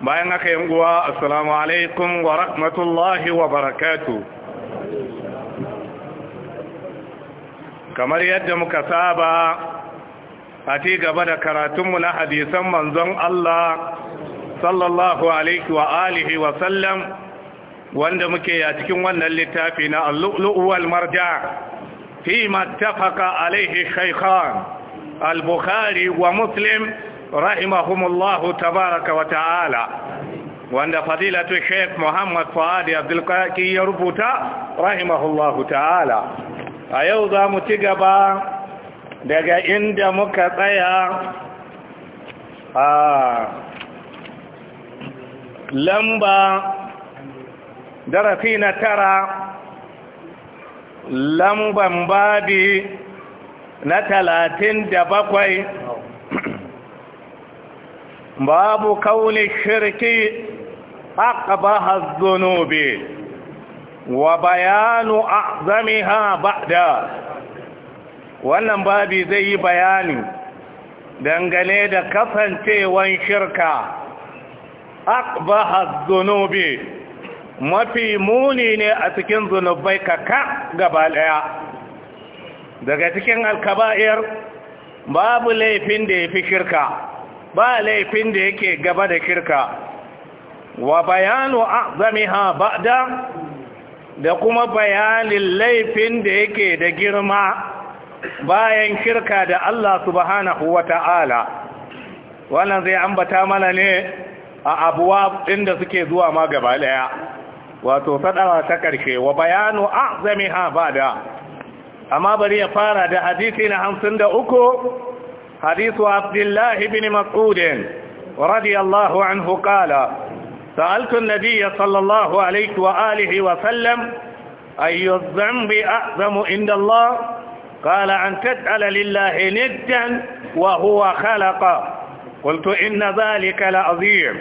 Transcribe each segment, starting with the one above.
bayan haka yin guwa assalamu alaikum wa rahmatullahi wa barakatu kamar yadda muka saba a ci gaba da karatunmu na hadisan manzon Allah sallallahu alaihi wa alihi wa sallam wanda muke a cikin wannan littafi na al-lu'lu'u marja fi ma tafaqa alaihi shaykhan al-bukhari wa muslim rahimahumullahu tabaraka wa ta'ala wanda fadilatu Sheikh Muhammad Fuadi Abdul Qaki ya rubuta rahimahullahu ta'ala a yau za mu ci gaba daga inda muka tsaya a lamba darasi na tara lamban babi na talatin da bakwai babu kauli shirki aqbaha adh-dhunubi wa bayanu wannan babi zai yi bayani dangane da kasancewan shirka aqbaha adh mafi muni ne a cikin zunubai kaka gaba daya daga cikin alkaba'ir babu laifin da ya fi shirka ba laifin da yake gaba da kirka wa bayanu azamiha ba'da da kuma bayanin laifin da yake da girma bayan kirka da Allah subhanahu wata'ala wannan zai ambata mana ne a abuwa inda suke zuwa ma gaba daya wato sadawa ta karshe wa bayanu azamiha ba'da amma bari ya fara da hadisi na 53 حديث عبد الله بن مسعود رضي الله عنه قال سألت النبي صلى الله عليه وآله وسلم أي الذنب أعظم عند الله قال أن تجعل لله ندا وهو خلق قلت إن ذلك لعظيم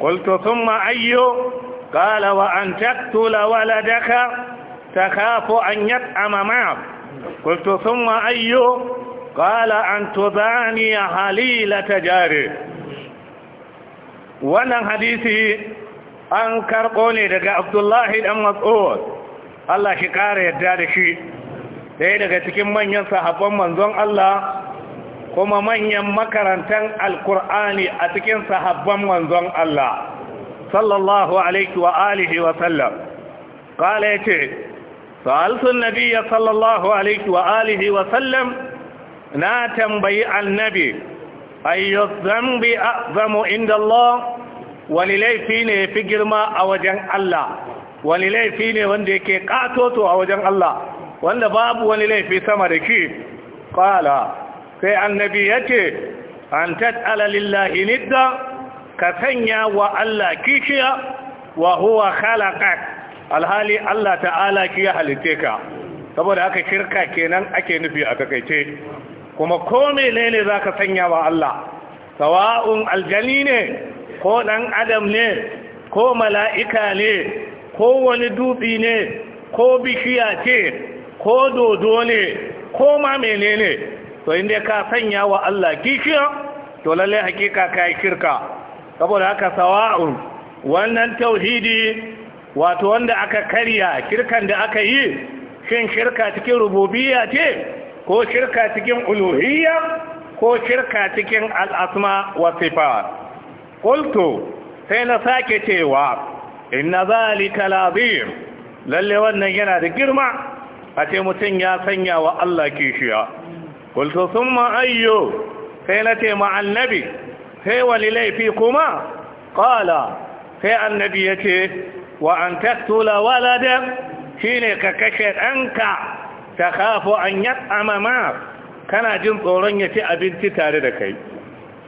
قلت ثم أي قال وأن تقتل ولدك تخاف أن يطعم معك قلت ثم أي قال an تضاني halilata jari wannan hadisi an karɓo ne daga abdullahi ɗan mas'ud Allah shi ƙara yadda da shi ɗaya daga cikin manyan sahabban manzon Allah kuma manyan makarantar alkur'ani a cikin sahabban manzon Allah sallallahu alaihi wa alihi wa sallam Kala ya ce sa'alsun nabiya sallallahu alaihi wa alihi wa sallam na tambayi annabi ayyu zambi azamu inda Allah wani laifi ne ya fi girma a wajen Allah wani laifi ne wanda yake katoto a wajen Allah wanda babu wani laifi sama da ki kala sai annabi ya ce an tattala lillahi nidda ka sanya wa Allah kishiya wa huwa khalaqak alhali Allah ta'ala ki ya halitte ka saboda haka shirka kenan ake nufi a takaice kuma ko menene ka sanya wa Allah sawa'un aljani ne ko ɗan adam ne ko mala'ika ne ko wani dubi ne ko bishiya ce ko dodo ne ko ma menene to inda ka sanya wa Allah kishiya to lalle hakika ka yi shirka saboda haka sawa'un wannan tauhidi wato wanda aka karya shirkan da aka yi shin shirka cikin rububiyya ce ko shirka cikin uluhiyya ko shirka cikin al'asma wa sifat qultu sai na sake cewa inna zalika lazim lalle wannan yana da girma a ce mutum ya sanya wa Allah kishiya qultu thumma ayyo sai na ce ma annabi sai wani laifi kuma Ƙala sai annabi yace wa an taktula shi shine ka kashe ɗanka ta kafo an yat amama kana jin tsoron ya ci abinci tare da kai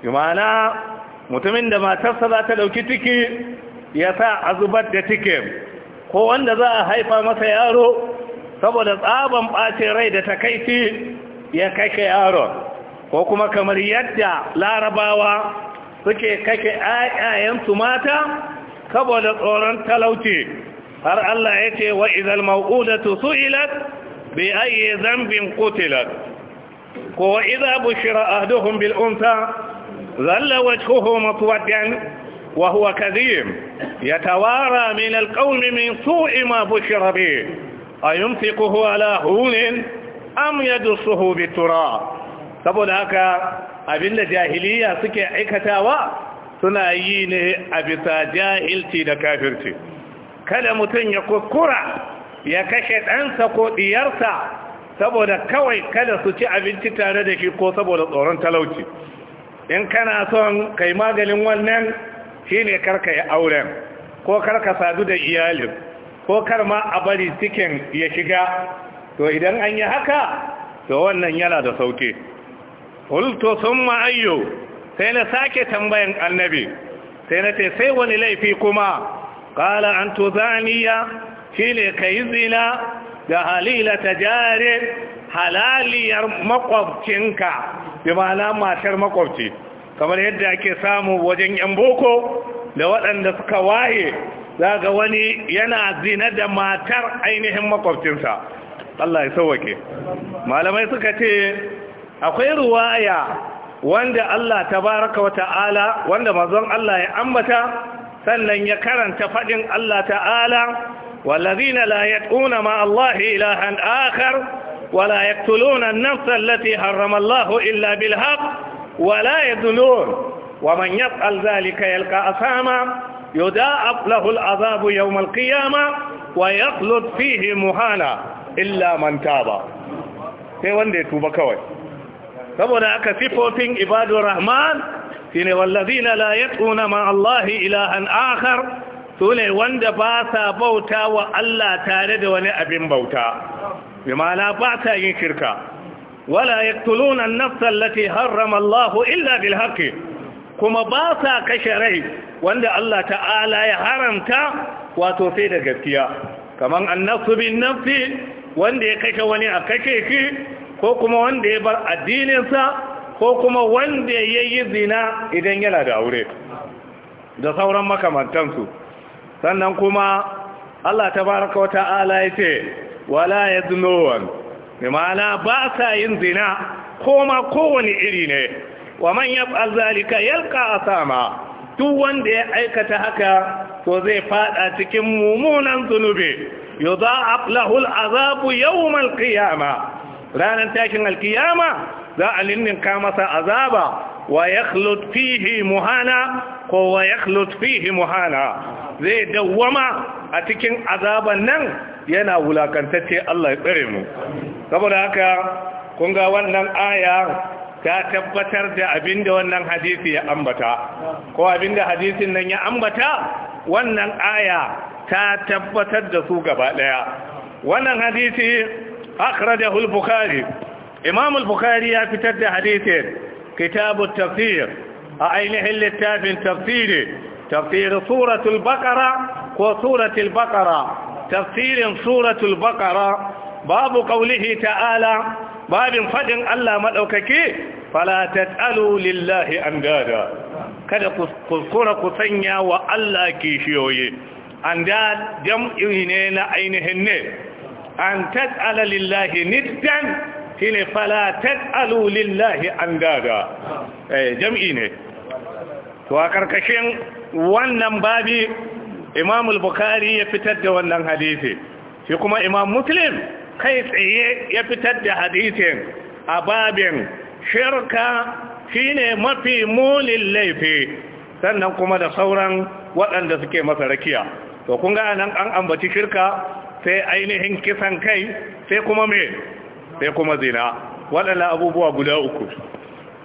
imana mutumin da matarsa za ta ɗauki ciki ya sa a zubar da ciki ko wanda za a haifa masa yaro saboda tsaban ɓace rai da ta takaici ya kake yaron ko kuma kamar yadda larabawa suke kake ayayensu mata saboda tsoron talauci har Allah ya ce wa izal mau'udatu su'ilat بأي ذنب قتلت وإذا بشر أهدهم بالأنثى ظل وجهه مطودا وهو كذيم يتوارى من القوم من سوء ما بشر به أيمسكه على هون أم يدسه بالتراب saboda haka abinda jahiliya suke aikatawa suna yi ne a bisa jahilci da ya kashe ɗansa ko ɗiyarsa saboda kawai kada su ci abinci tare da shi ko saboda tsoron talauci in kana son kai maganin wannan shi ne karka yi auren ko karka sadu da iyalin ko kar ma a bari cikin ya shiga to idan an yi haka to wannan yana da sauke hulto sun ma'ayyo sai na sake tambayan annabi sai na ce sai wani laifi kuma ƙala an to zaniya shi ne ka yi zina da halila ta jare halaliyar makwabcinka bi ma'ana matar makwabci kamar yadda ake samu wajen yan boko da waɗanda suka waye daga wani yana zina da matar ainihin makwabcinsa Allah ya sauwake malamai suka ce akwai ruwaya wanda Allah tabaraka wa ta'ala wanda mazan Allah ya ambata sannan ya karanta faɗin Allah ta'ala والذين لا يدعون مع الله إلها آخر ولا يقتلون النفس التي حرم الله إلا بالحق ولا يذلون ومن يفعل ذلك يلقى أثاما يداعب له العذاب يوم القيامة ويخلد فيه مهانا إلا من تاب sai wanda ya tuba kawai saboda aka sifofin ibadur rahman shine wallazina la yad'una ma allahi ilahan su ne wanda ba sa bauta wa Allah tare da wani abin bauta bi ma'ana ba sa yin shirka wala ya an-nafsa allati harrama illa bil haqqi kuma ba sa kashe rai wanda Allah ta'ala ya haramta wato sai da gaskiya Kamar an-nafsu bin nafsi wanda ya kashe wani a kashe shi ko kuma wanda ya bar addininsa ko kuma wanda ya yi zina idan yana da aure da sauran makamantansu sannan kuma Allah tabaraka wata'ala ce wala yaznun bimana ba sa yin zina ko ma kowane iri ne wa man yaf'al zalika a sama. duk wanda ya aikata haka to zai fada cikin mumunan zunubi yudha'af lahu al'azabu azabu yau qiyamah ranan tashin al za a ninninka masa azaba wa yakhlut muhana ko wa yakhlut muhana zai dawwama a cikin azaban nan yana wulakantacce Allah ya mu saboda haka kun ga wannan aya ta tabbatar da abinda wannan hadisi ya ambata ko abinda hadisin nan ya ambata wannan aya ta tabbatar da su gabaɗaya. daya wannan hadisi akhrajahu al-bukhari imam al ya fitar da hadisin kitabu tafsir a ainihin littafin tafsiri tafsiri suratul baqara ko suratul baqara tafsirin suratul baqara babu qaulihi ta'ala babin fadin Allah maɗaukaki. fala tat'alu lillahi andada kada kuskura ku sanya wa Allah kishiyoyi andad jam'i ne na ainihin ne lillahi niddan shine fala taj'alu alulillahi an eh jam'i ne to a karkashin wannan babi Imam al-Bukhari ya fitar da wannan hadisi shi kuma Imam Muslim kai tsaye ya fitar da hadisin a babin shirka shine mafi mulin laifi sannan kuma da sauran waɗanda suke masa rakiya to kunga nan an ambaci shirka sai ainihin kisan kai sai kuma me sai kuma zina waɗannan abubuwa guda uku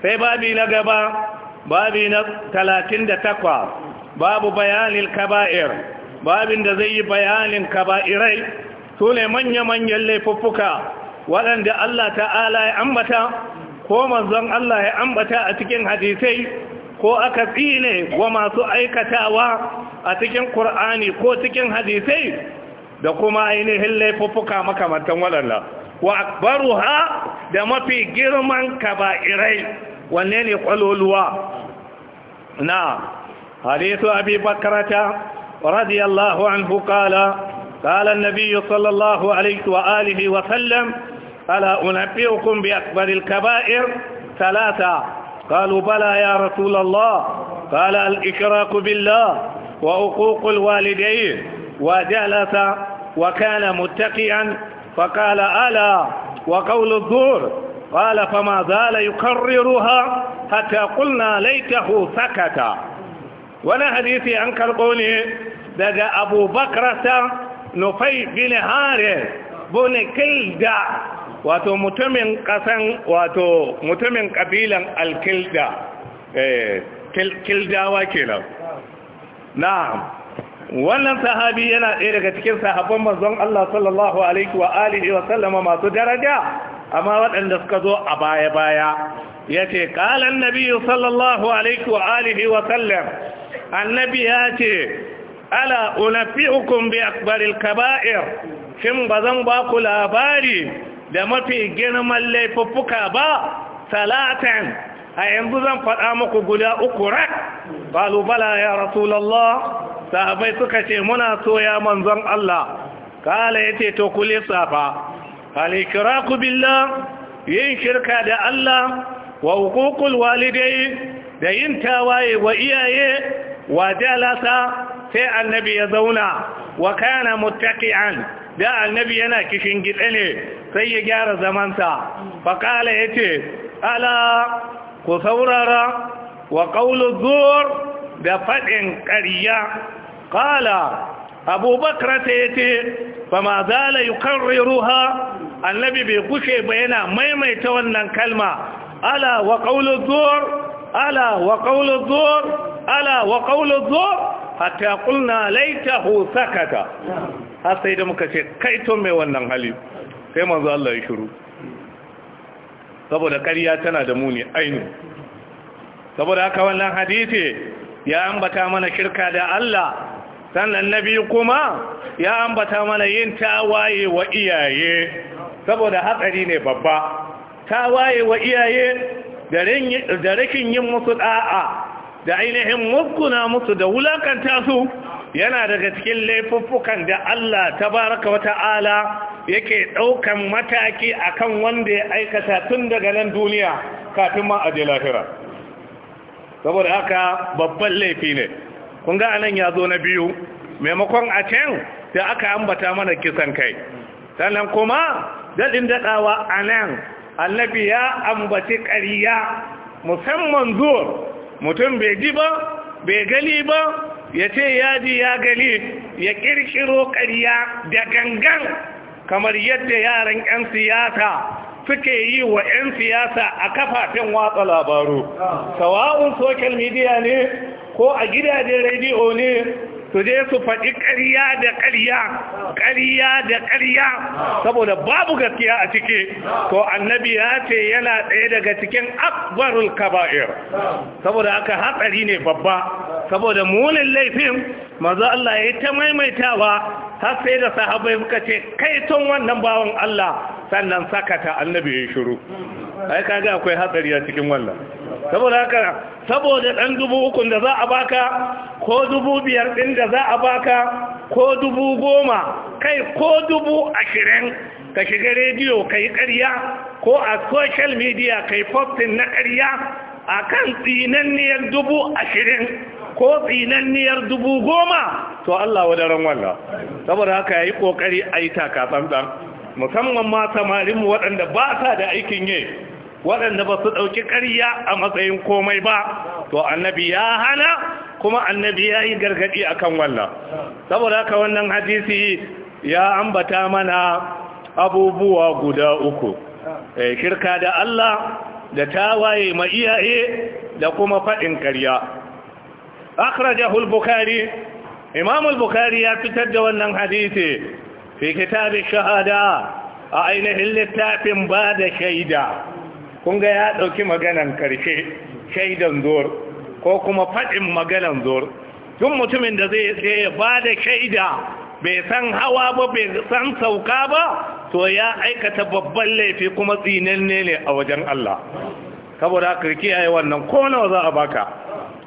sai babi na gaba babi na talatin da takwa babu bayanin kaba'ir babin da zai yi bayanin kaba'irai su ne manya-manyan laifuffuka waɗanda Allah ta'ala ya ambata ko manzon Allah ya ambata a cikin hadisai ko aka tsine wa masu aikatawa a cikin Kur'ani ko cikin hadisai da kuma ainihin laifuffuka makamantan waɗanda ده ما في جرمان كبائرين ونين يقولوا الوا نعم حديث ابي بكره رضي الله عنه قال قال النبي صلى الله عليه وآله وسلم ألا أنبئكم بأكبر الكبائر ثلاثة قالوا بلى يا رسول الله قال الإشراك بالله وعقوق الوالدين وجلس وكان متقيا فقال ألا وقول الدور قال فما زال يكررها حتى قلنا ليته سكت وانا حديثي عن كالقوني دقى أبو بكرة نفي بن هارث بن كلدة wato mutumin kasan wato mutumin kabilan alkilda eh kildawa kenan na'am wannan sahabi yana ɗaya daga cikin sahabban manzon Allah sallallahu alaihi wa alihi wa sallama masu daraja amma waɗanda suka zo a baya baya yace qala annabi sallallahu alaihi wa alihi wa sallam annabi yace ala unabbiukum bi akbaril kaba'ir shin bazan ba ku labari da mafi girman laifuffuka ba salatan a yanzu zan faɗa muku guda uku rak qalu bala ya rasulullah sahabai suka ce muna so ya manzon Allah kala yace to ku lissafa al ku billah yin shirka da Allah wa hukukul walidai da yin tawaye wa iyaye wa jalasa sai annabi ya zauna wa kana muttaqi'an da annabi yana kishin gitse ne sai ya gyara zamansa fa kala yace ala ku saurara wa qawlu zur da faɗin ƙarya qala abubakar ta yace fa ma zala yukarriruha annabi bai kushe ba yana maimaita wannan kalma ala wa qawlu zur ala wa qawlu zur ala wa qawlu zur hatta qulna laitahu sakata har sai da muka ce kai to mai wannan hali sai manzo Allah ya shiru saboda ƙarya tana da muni ainu saboda haka wannan hadisi ya ambata mana shirka da Allah sannan na biyu kuma ya ambata mana yin tawaye wa iyaye saboda hatsari ne babba tawaye wa iyaye da rikin yin musu da'a da ainihin muskuna musu da wulakanta su yana daga cikin laifuffukan da Allah ta baraka wa ta'ala yake ɗaukan mataki a kan wanda ya aikata tun daga nan duniya kafin ma aje lahira saboda haka babban laifi ne kun ga anan ya zo na biyu maimakon a can da aka ambata mana kisan kai sannan kuma daɗin daɗawa anan, nan annabi ya ambaci ƙariya musamman zuwa mutum bai ji ba bai gali ba ya ce ya ji ya gali ya ƙirƙiro ƙariya da gangan kamar yadda yaran 'yan siyasa suke yi wa 'yan siyasa a kafafen watsa labaru ah. sawa'un social media ne ko a gidajen rediyo ne su je su faɗi ƙarya da ƙariya ƙariya da ƙarya saboda babu gaskiya a ciki ko annabi ya ce yana ɗaya daga cikin akbarul kaba'ir saboda aka hatsari ne babba saboda munin laifin manzo Allah ya yi ta maimaitawa har sai da sahabai muka ce kai tun wannan bawan Allah sannan sakata annabi ya shiru ai kaga akwai hatsari a cikin wannan saboda haka saboda ɗan dubu ukun da za a baka ko dubu biyar ɗin da za a baka ko dubu goma kai ko dubu ashirin ka shiga rediyo ka yi ƙarya ko a social media ka yi postin na karya a kan tsinanniyar dubu ashirin ko tsinanniyar dubu goma to Allah wadaran walla saboda haka ya yi ƙoƙari a yi takatsantsan musamman ma samarinmu waɗanda ba sa da aikin yi waɗanda ba su ɗauki ƙarya a matsayin komai ba to annabi ya hana kuma annabi ya yi gargaɗi a kan wannan saboda haka wannan hadisi ya ambata mana abubuwa guda uku eh, shirka da Allah da tawaye ma iyaye da kuma faɗin ƙarya akhrajahu al-bukhari imam bukhari ya fitar da wannan hadisi fi kitab ash-shahada a ainihin littafin ba da shaida kun ga ya ɗauki maganan karshe shaidan zuwar ko kuma faɗin maganan zuwar tun mutumin da zai ya ba da shaida bai san hawa ba bai san sauka ba to ya aikata babban laifi kuma tsinanne ne a wajen Allah saboda kirki yayi wannan ko nawa za a baka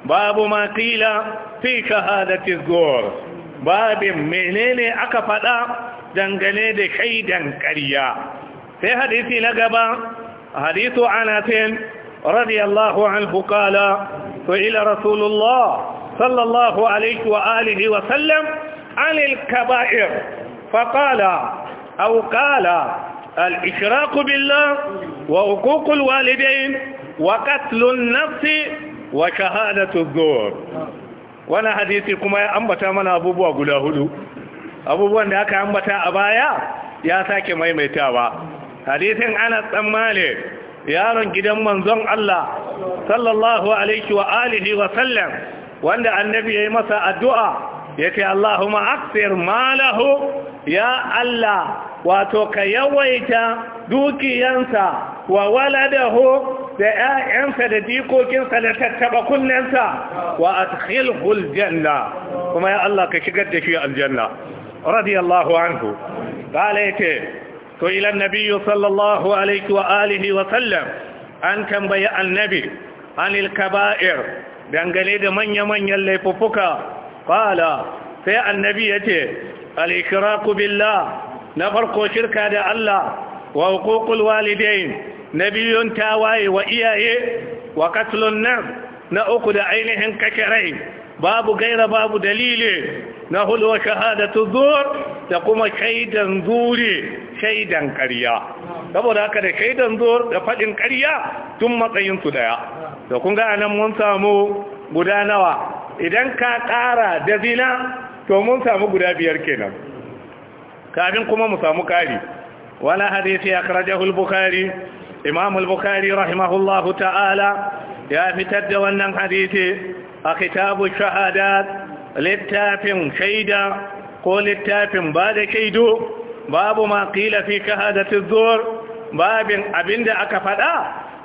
babu ma qila fi shahadati zuwar babin menene aka faɗa dangane da shaidan ƙarya sai hadisi na gaba حديث عنات رضي الله عنه قال سئل رسول الله صلى الله عليه وآله وسلم عن الكبائر فقال أو قال الإشراق بالله وعقوق الوالدين وقتل النفس وشهادة الزور وانا حديثي كما أنبتا من أبوبوا قلاهدو abubuwan da aka ambata a baya ya sake maimaitawa hadisin anas dan malik yaron gidan manzon Allah sallallahu alaihi wa alihi wa sallam wanda annabi yayi masa addu'a yake Allahumma aksir malahu ya Allah wato ka yawaita dukiyansa wa waladahu da ‘ya'yansa da dikokinsa da tattaba kunnensa wa a tafilhul kuma ya Allah ka shigar da shi aljanna radiyallahu anhu ƙala yake سئل النبي صلى الله عليه وآله وسلم أن كان بيع النبي عن الكبائر دنجلي دا من يمن يلي ففكا قال في النبي يتي الإكراك بالله نفرق شركة دا الله وحقوق الوالدين نبي تاواي وإياه وقتل النفس نأخذ عينهم ككرين babu gaira babu dalili na hulwa shahadatu zur da kuma shaidan zure shaidan ƙarya saboda haka da shaidan zuwar da faɗin ƙarya tun matsayinsu daya da kun ga nan mun samu guda nawa idan ka ƙara da zina to mun samu guda biyar kenan kafin kuma mu samu ƙari wala hadisi ya karajahul bukari imam al-bukhari rahimahullahu ta'ala ya fitar da wannan hadisi a kitabu sha'ada littafin shaida ko littafin ba da shaidu babu ma qila fi kahadati zuhr babin abinda aka fada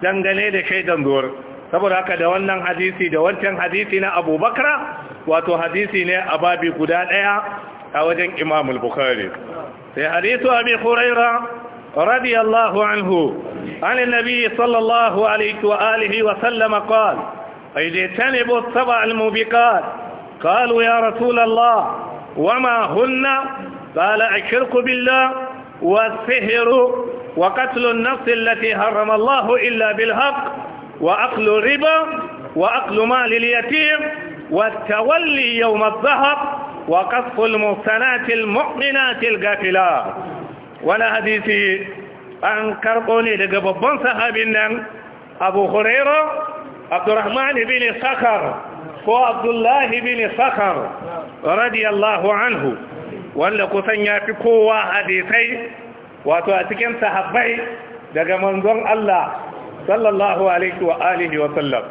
dangane da shaidan zuhr saboda haka da wannan hadisi da wancan hadisi na Abu wato hadisi ne a babi guda ɗaya a wajen Imam al-Bukhari sai hadisi Abi Huraira radiyallahu anhu an annabi sallallahu alaihi wa alihi wa sallam qala اجتنبوا السبع الموبقات قالوا يا رسول wa ma هن قال الشرك بالله والسحر وقتل النفس التي حرم الله إلا بالحق واكل الربا واكل مال اليتيم والتولي يوم الظهر وقصف المحسنات المؤمنات القافلات وانا حديثي عن كرقوني لقببان صحابينا أبو هريرة عبد الرحمن بن صخر وعبد الله بن صخر رضي الله عنه wanda kusan ya fi kowa hadisai wato a cikin sahabbai daga manzon Allah sallallahu alaihi wa alihi wa sallam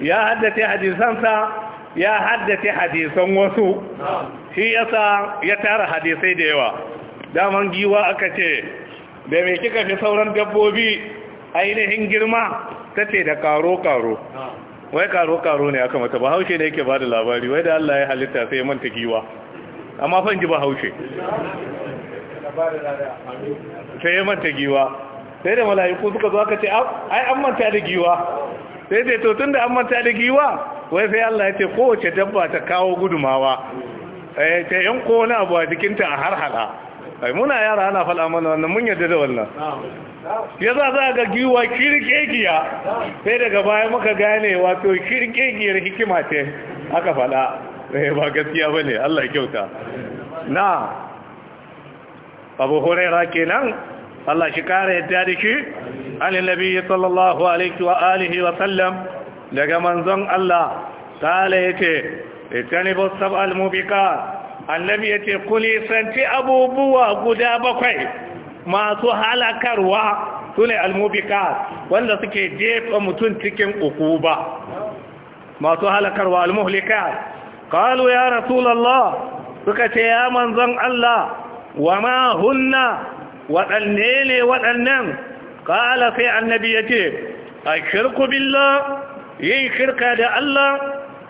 ya haddace hadisansa ya haddace hadisan wasu shi yasa ya tara hadisai da yawa daman giwa aka ce da me kika fi sauran dabbobi ainihin girma tace da karo-karo wai karo-karo ne aka mata ba haushe ne yake bada labari wai da Allah ya halitta sai manta giwa amma fa ji ba haushe sai ya manta giwa sai da mala'iku suka zo aka ce ai an manta da giwa sai dai to tunda an manta da giwa wai sai Allah ya ce kowace dabba ta kawo gudumawa eh ta ko wani abu a jikinta a harhala ai muna yara ana faɗa mana wannan mun yarda da wannan ya za za ga giwa giya sai daga baya muka gane wato giyar hikima ce aka faɗa eh ba gaskiya ne Allah kyauta na Abu Hurairah kenan Allah shi kare yadda da shi annabi sallallahu alaihi wa alihi wa sallam daga manzon Allah ya yace itanibu sab'al mubiqat annabi yace kuli santi abubuwa guda bakwai masu halakarwa sune almubiqat wanda suke jefa mutum cikin ukuba masu halakarwa almuhlikat Kalu ya rasulullah suka ce ya manzon Allah wa ma hunna wadanne ne wadannan qala sai annabi yace shirku billah yin shirka da Allah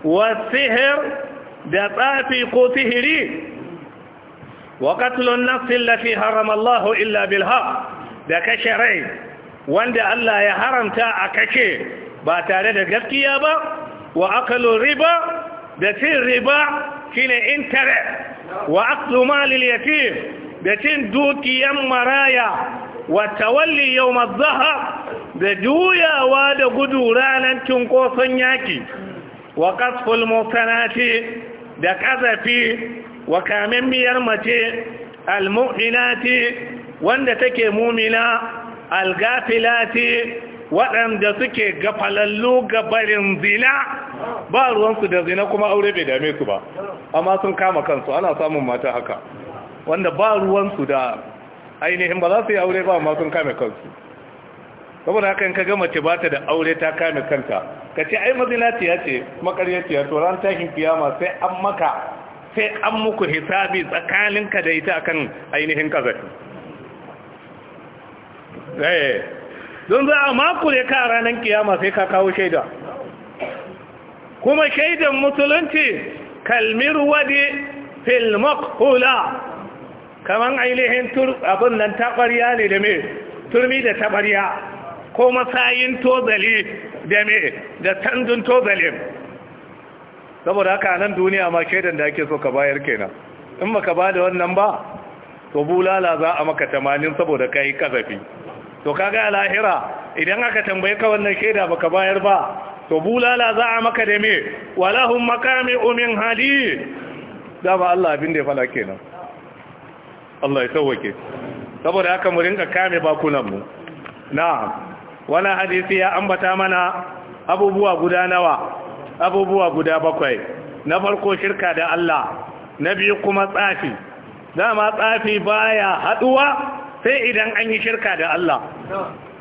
wa sihir da tsafi ko sihiri wa qatlun nafs allati harama Allah illa bil da kashe rai wanda Allah ya haramta a kashe ba tare da gaskiya ba wa lori riba da cin riba shine intare, wa aqdu malil yatim da cin dukiyan maraya wa tawalli yawm da juyawa da gudu ranar cinkoson yaki wa qasful mutanati da kazafi wa kamimmiyar mace al wanda take mumina algafilati waɗanda suke gafalallu barin zina ba ruwansu da zina kuma aure bai dame su ba amma sun kama kansu ana samun mata haka wanda ba ruwansu da ainihin ba za su yi aure ba amma sun kame kansu saboda haka yanka ka gama ce ba ta da aure ta kame kanta ka ce ai mazina ce makaryaciya to ran tashin kiyama sai an maka sai an muku hisabi tsakaninka da ita akan ainihin kazafi eh, don za a ne ka ranar kiyama sai ka kawo shaida kuma shaidan musulunci kalmir wadi filmak hula kamar ainihin abin nan taɓarya ne da mai turmi da taɓarya ko matsayin tozali da mai da tanzun tozali saboda haka nan duniya ma shaidan da ake so ka bayar kenan in maka ba da wannan ba to bulala za a maka tamanin saboda ka yi kazafi to kaga a lahira idan aka tambaye ka wannan shaida baka bayar ba to bulala za a maka da me walahun makami min hali. da ba Allah abin da ya fada kenan Allah ya sauke saboda haka mu rinka kame bakunan mu na'am wannan hadisi ya ambata mana abubuwa guda nawa abubuwa guda bakwai na farko shirka da Allah na biyu kuma tsafi dama tsafi baya haduwa sai idan an yi shirka da Allah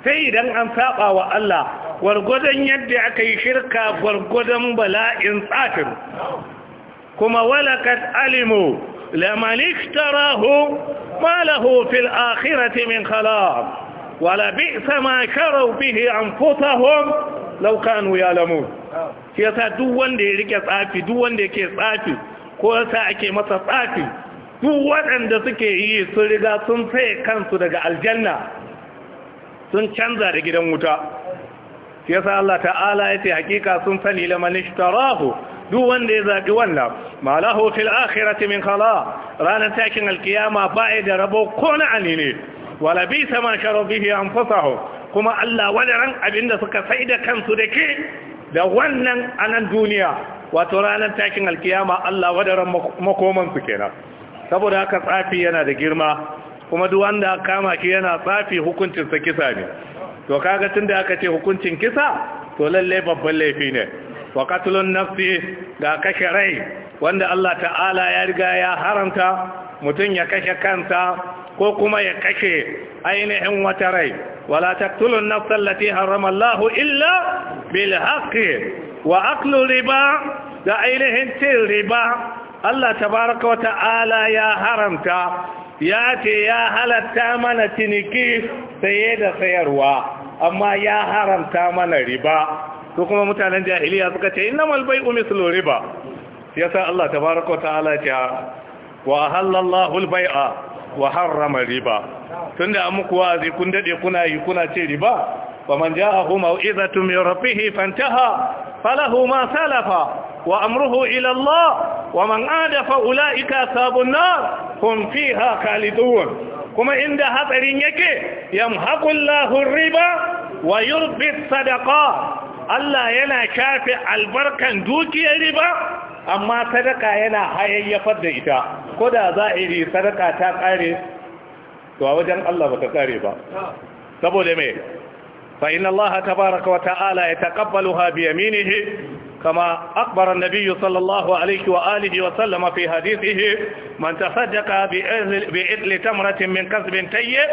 sai idan an saba wa Allah gwargwadon yadda aka yi shirka gwargwadon bala'in tsafin kuma walakat alimu laman iktarahu ma lahu fil akhirati min khalaq wala bi'sa ma sharu bihi anfusahum law kanu ya'lamun shi yasa duk wanda ya rike tsafi duk wanda yake tsafi ko yasa ake masa tsafi su waɗanda suke yi sun riga sun tsaye kansu daga aljanna sun canza da gidan wuta shi yasa Allah ta'ala ya ce hakika sun sani lamani ishtarahu duk wanda ya zaɓi wannan ma lahu fil akhirati min khala ranar takin alkiyama ba da rabo ko na ne. wala bi sama sharu bihi anfusahu kuma Allah wadaran abinda suka saida kansu da ke da wannan anan duniya wato ranar takin alkiyama Allah wadaran makomansu kenan saboda haka tsafi yana da girma kuma duk wanda kama shi yana tsafi hukuncin sa kisa ne to kaga tunda aka ce hukuncin kisa to lalle babban laifi ne wa qatlun nafsi ga kashe rai wanda Allah ta'ala ya riga ya haramta mutum ya kashe kansa ko kuma ya kashe ainihin wata rai wala taqtulun nafsa allati harrama Allah illa bil haqqi wa aqlu riba da ainihin cin riba Allah tabaraka wa ta'ala ya haramta ya ce ya halatta mana ciniki saye da sayarwa amma ya haramta mana riba to kuma mutanen jahiliya suka ce innamal bai'u mislu riba yasa Allah tabaraka wa ta'ala ce wa halallahu al wa harrama riba tunda an muku wazi kun dade kuna yi kuna ce riba ومن جاءه موئذة من ربه فانتهى فله ما سلف وأمره إلى الله ومن عاد فأولئك أصحاب النار هم فيها خالدون كما عند حضرين يكي يمحق الله الربا ويربي الصدقات الله ينا شافع البركة دوكي الربا amma sadaka yana hayayyafar da ita ko da za'iri sadaka ta kare to a wajen Allah ba ta kare ba saboda me فإن الله تبارك وتعالى يتقبلها بيمينه كما أخبر النبي صلى الله عليه وآله وسلم في حديثه من تصدق بإثل تمرة من كسب طيب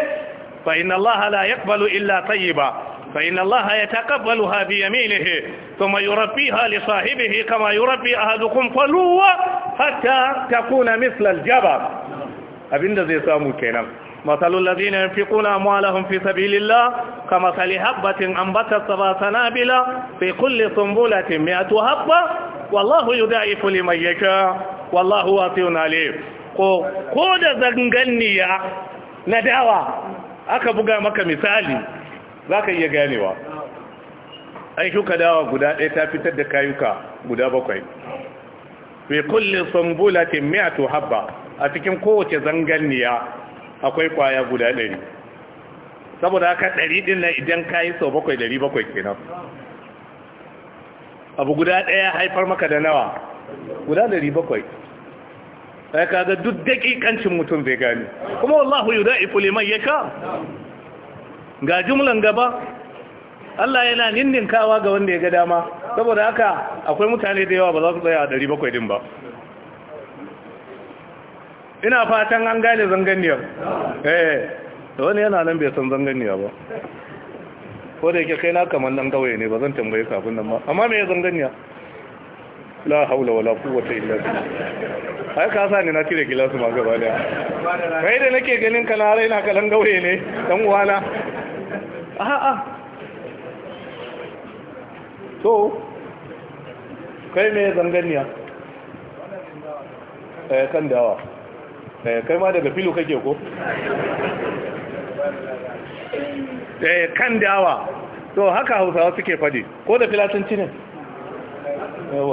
فإن الله لا يقبل إلا طيبا فإن الله يتقبلها بيمينه ثم يربيها لصاحبه كما يربي أحدكم فلوة حتى تكون مثل الجبل أبين ذي سامو كينا مثل الذين ينفقون أموالهم في سبيل الله كمثل حبة أنبتت سبع سنابل في كل سنبلة مئة حبة والله يضاعف لمن يشاء والله واسع عليم ko da zanganniya na dawa aka buga maka misali za ka iya ganewa an shuka dawa guda ɗaya ta fitar da kayuka guda bakwai fi kulle sumbulatin miyatu habba a cikin kowace zanganniya akwai kwaya guda ɗari saboda haka ɗari ɗin nan idan ka yi sau bakwai ɗari bakwai kenan abu guda ɗaya haifar maka da nawa guda ɗari bakwai ɗaya ka ga duk daƙiƙancin mutum zai gani kuma wallahu yi da'i kuliman ya sha ga jumlan gaba Allah yana ninninkawa ga wanda ya ga dama saboda haka akwai mutane da yawa ba za su tsaya a ɗari bakwai din ba ina fatan an gane zanganiyar eh to wani yana nan bai san zanganiya ba ko da yake kai na kamar nan gawaye ne ba zan tambaye kafin nan ba amma me zanganiya la haula wala quwwata illa billah ai ka sa ni na tire gilasu ma gaba da kai da nake ganin ka na na kalan gawaye ne dan uwana a a to kai me zanganiya eh kan dawa Eh, kai ma daga filo kake ko eh, kan dawa to haka hausawa suke fadi ko da filatanci ne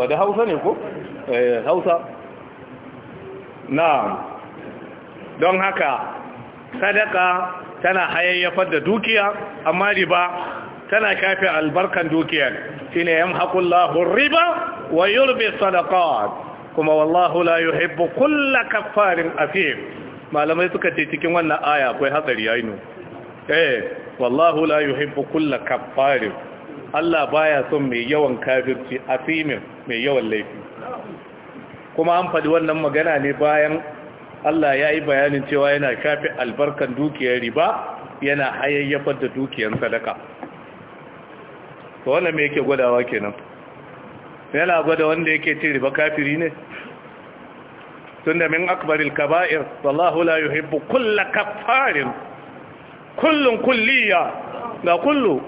da hausa ne ko eh, hausa na don haka sadaka tana hayayyafar da dukiya amma riba tana kafe albarkan dukiya shine yamhaqullahu riba wa yurbi sadaqat kuma wallahu la yuhibbu kulla kaffarin afim malamai suka ce cikin wannan aya akwai hatsari ainu eh wallahu la yuhibbu kulla kaffarin Allah baya son mai yawan kafirci asimin mai yawan laifi kuma an fadi wannan magana ne bayan Allah ya yi bayanin cewa yana shafi albarkan dukiyar riba yana hayayyafar da dukiyar sadaka to wannan me yake gwadawa kenan yana gwada wanda yake cin riba kafiri ne tunda min akbaril kaba'ir wallahu la yuhibbu kulla kafarin kullun kulliya ga kullu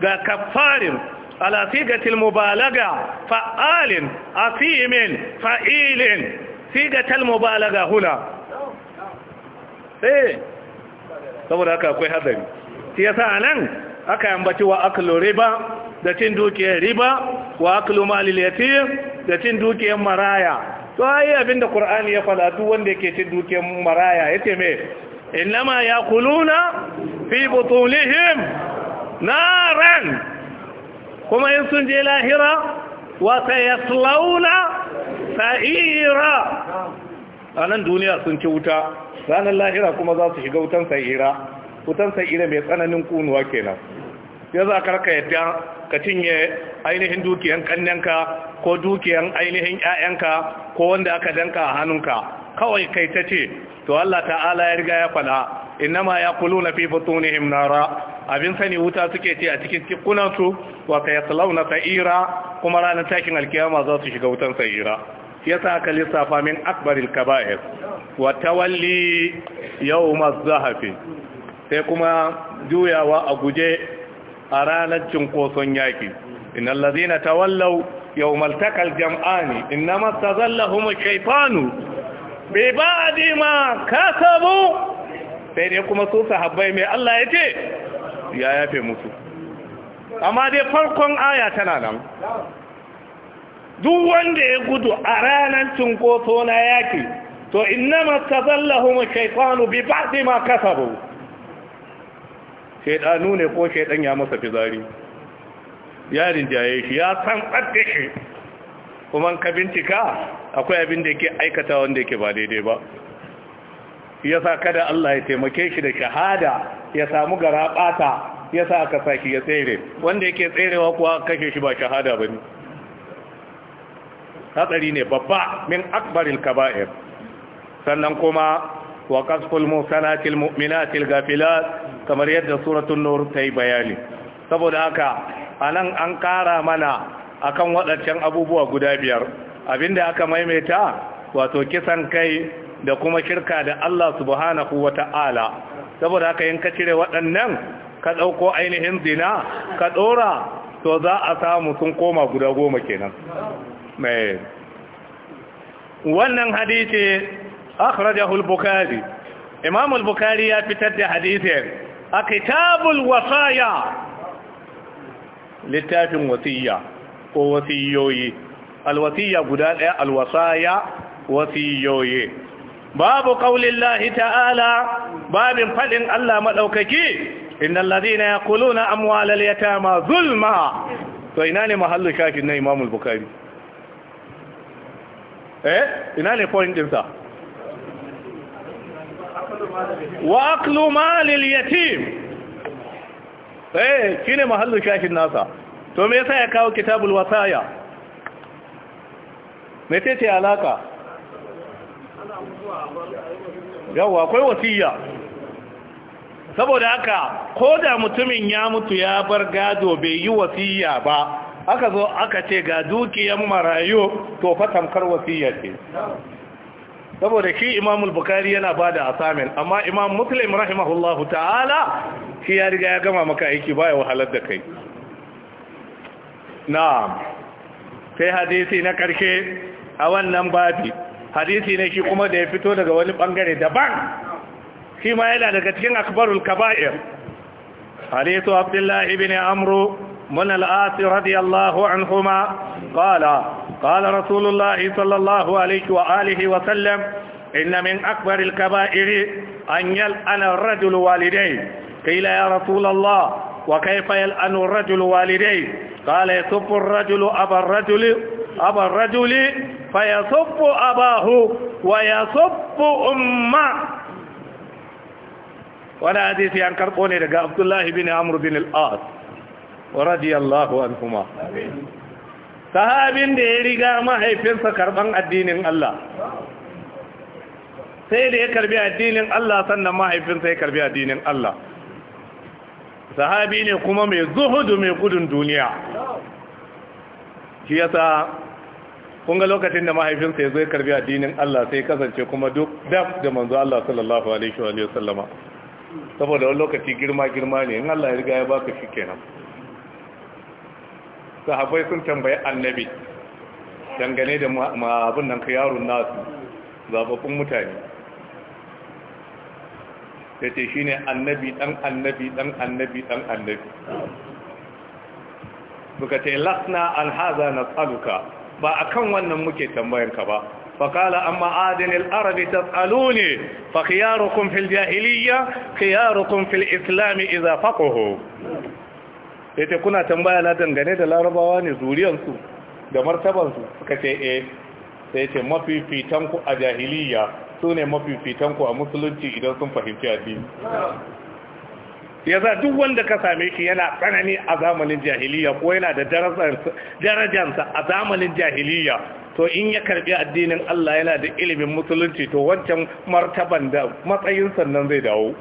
ga kafarin ala sigatil mubalaga fa'alin asimin fa'ilin sigatal mubalaga huna eh saboda haka akwai hadari shi yasa nan aka yambaci wa aklu riba da cin dukiyar riba wa aklu malil yatim da cin dukiyar maraya to ai abinda qur'ani ya fada duk wanda yake cin dukiyar maraya yace me innama yaquluna fi butulihim naran kuma in sun je lahira wa sayaslawna sa'ira ranar duniya sun ci wuta ranar lahira kuma za su shiga wutan sa'ira wutan sa'ira mai tsananin kunuwa kenan ya za karka yadda ka cinye ainihin dukiyan kannenka ko dukiyan ainihin ƴaƴanka ko wanda aka danka a hannunka kawai kai ta ce to Allah ta'ala ya riga ya fada innama yaquluna fi butunihim nara abin sani wuta suke ce a cikin tikunansu wa sayaslawna sa'ira kuma ranar takin alkiyama za su shiga wutan sa'ira yasa aka lissafa min akbaril kaba'ir wa tawalli yawmaz zahafi sai kuma juyawa a guje a ranar cinkoson yaƙi in na tawallau yawmal masta jam'ani innama tazallahum ash ba a ji ma kasabu sai dai kuma su sahabbai mai Allah ya ce ya yafe musu amma dai farkon aya tana nan duk wanda ya gudu a ranar cinkoso na masta to innama shaifanu bai ba a ji ma kasabu shaidanu ne ko shaidan ya masa fizari ya rinjaye shi ya san ɓadda shi kuma ka bincika akwai abin da yake aikata wanda yake ba daidai ba ya sa kada Allah ya taimake shi da shahada ya samu gara ɓata ya sa aka shi ya tsere wanda yake tserewa kuwa kashe shi ba shahada ba ne hatsari ne babba min akbaril kaba'ir sannan kuma wa kasful musanatil mu'minatil gafilat kamar yadda suratun nur ta yi bayani saboda haka anan an kara mana akan waɗancan abubuwa guda biyar abinda aka maimaita wato kisan kai da kuma shirka da Allah subhanahu wata'ala saboda haka in ka cire waɗannan ka ɗauko ainihin zina ka ɗora to za a samu sun koma guda goma kenan mai wannan hadisi akhrajahu al-bukhari imam al-bukhari ya fitar da hadisin a kitabul wasaya littafin wasiya ko wasiyoyi alwasiya guda ɗaya alwasaya wasiyoyi babu ƙaunin ta'ala babin faɗin Allah maɗaukaki inna lalzina ya kulu na amwalar ya tama zulma to ina ne mahallin shafin na imamul bukari eh ina ne point ɗinsa wa aklu malil yatim eh shine muhallin shakin nasa to me yasa ya kawo kitabul wasaya me ce alaka yawa akwai wasiya saboda haka ko da mutumin ya mutu ya bar gado bai yi wasiya ba aka zo aka ce ga dukiyan marayu to fa wasiya ce saboda shi imamul bukari yana ba da asamin amma imam muslim rahimahullahu ta'ala shi ya riga ya gama maka aiki baya wahalar da kai na'am sai hadisi na karshe a wannan babi hadisi ne shi kuma da ya fito daga wani bangare daban shi ma yana daga cikin akbarul kaba'ir hadisu abdullahi ibn amru من الآس رضي الله عنهما قال قال رسول الله صلى الله عليه وآله وسلم إن من أكبر الكبائر أن يلأن الرجل والديه قيل يا رسول الله وكيف يلأن الرجل والديه قال يسب الرجل أبا الرجل أبا الرجل فيسب أباه ويسب أمه ولا حديث ينكر قولي لك عبد الله بن عمرو بن الآس ورضي الله عنهما آمين sahabin da ya riga mahaifinsa karban addinin Allah sai da ya karbi addinin Allah sannan mahaifinsa ya karbi addinin Allah sahabi ne kuma mai zuhudu mai gudun duniya shi yasa kun ga lokacin da mahaifinsa ya zo ya karbi addinin Allah sai kasance kuma duk daf da manzo Allah sallallahu alaihi wa sallama saboda wani lokaci girma girma ne in Allah ya riga ya baka shi kenan Sahabai sun tambayi annabi dangane da ma'abin nan ka yaro nasu zababbun mutane ya ce shi ne annabi ɗan annabi ɗan annabi ɗan annabi suka ce lasna an haza na tsaluka ba a kan wannan muke tambayanka ba فقال أما عادن العرب تسألوني فخياركم في الجاهلية خياركم في الإسلام إذا فقهوا ya ce kuna tambaya na dangane da larabawa ne zuriyansu da martabansu suka ce e sai ce mafifitanku a jahiliya su ne mafifitanku a musulunci idan sun fahimci addini ya za duk wanda ka same shi yana tsanani a zamanin jahiliya ko yana da darajansa a zamanin jahiliya to in ya karbi addinin Allah yana da ilimin musulunci to wancan martaban da matsayin sannan zai dawo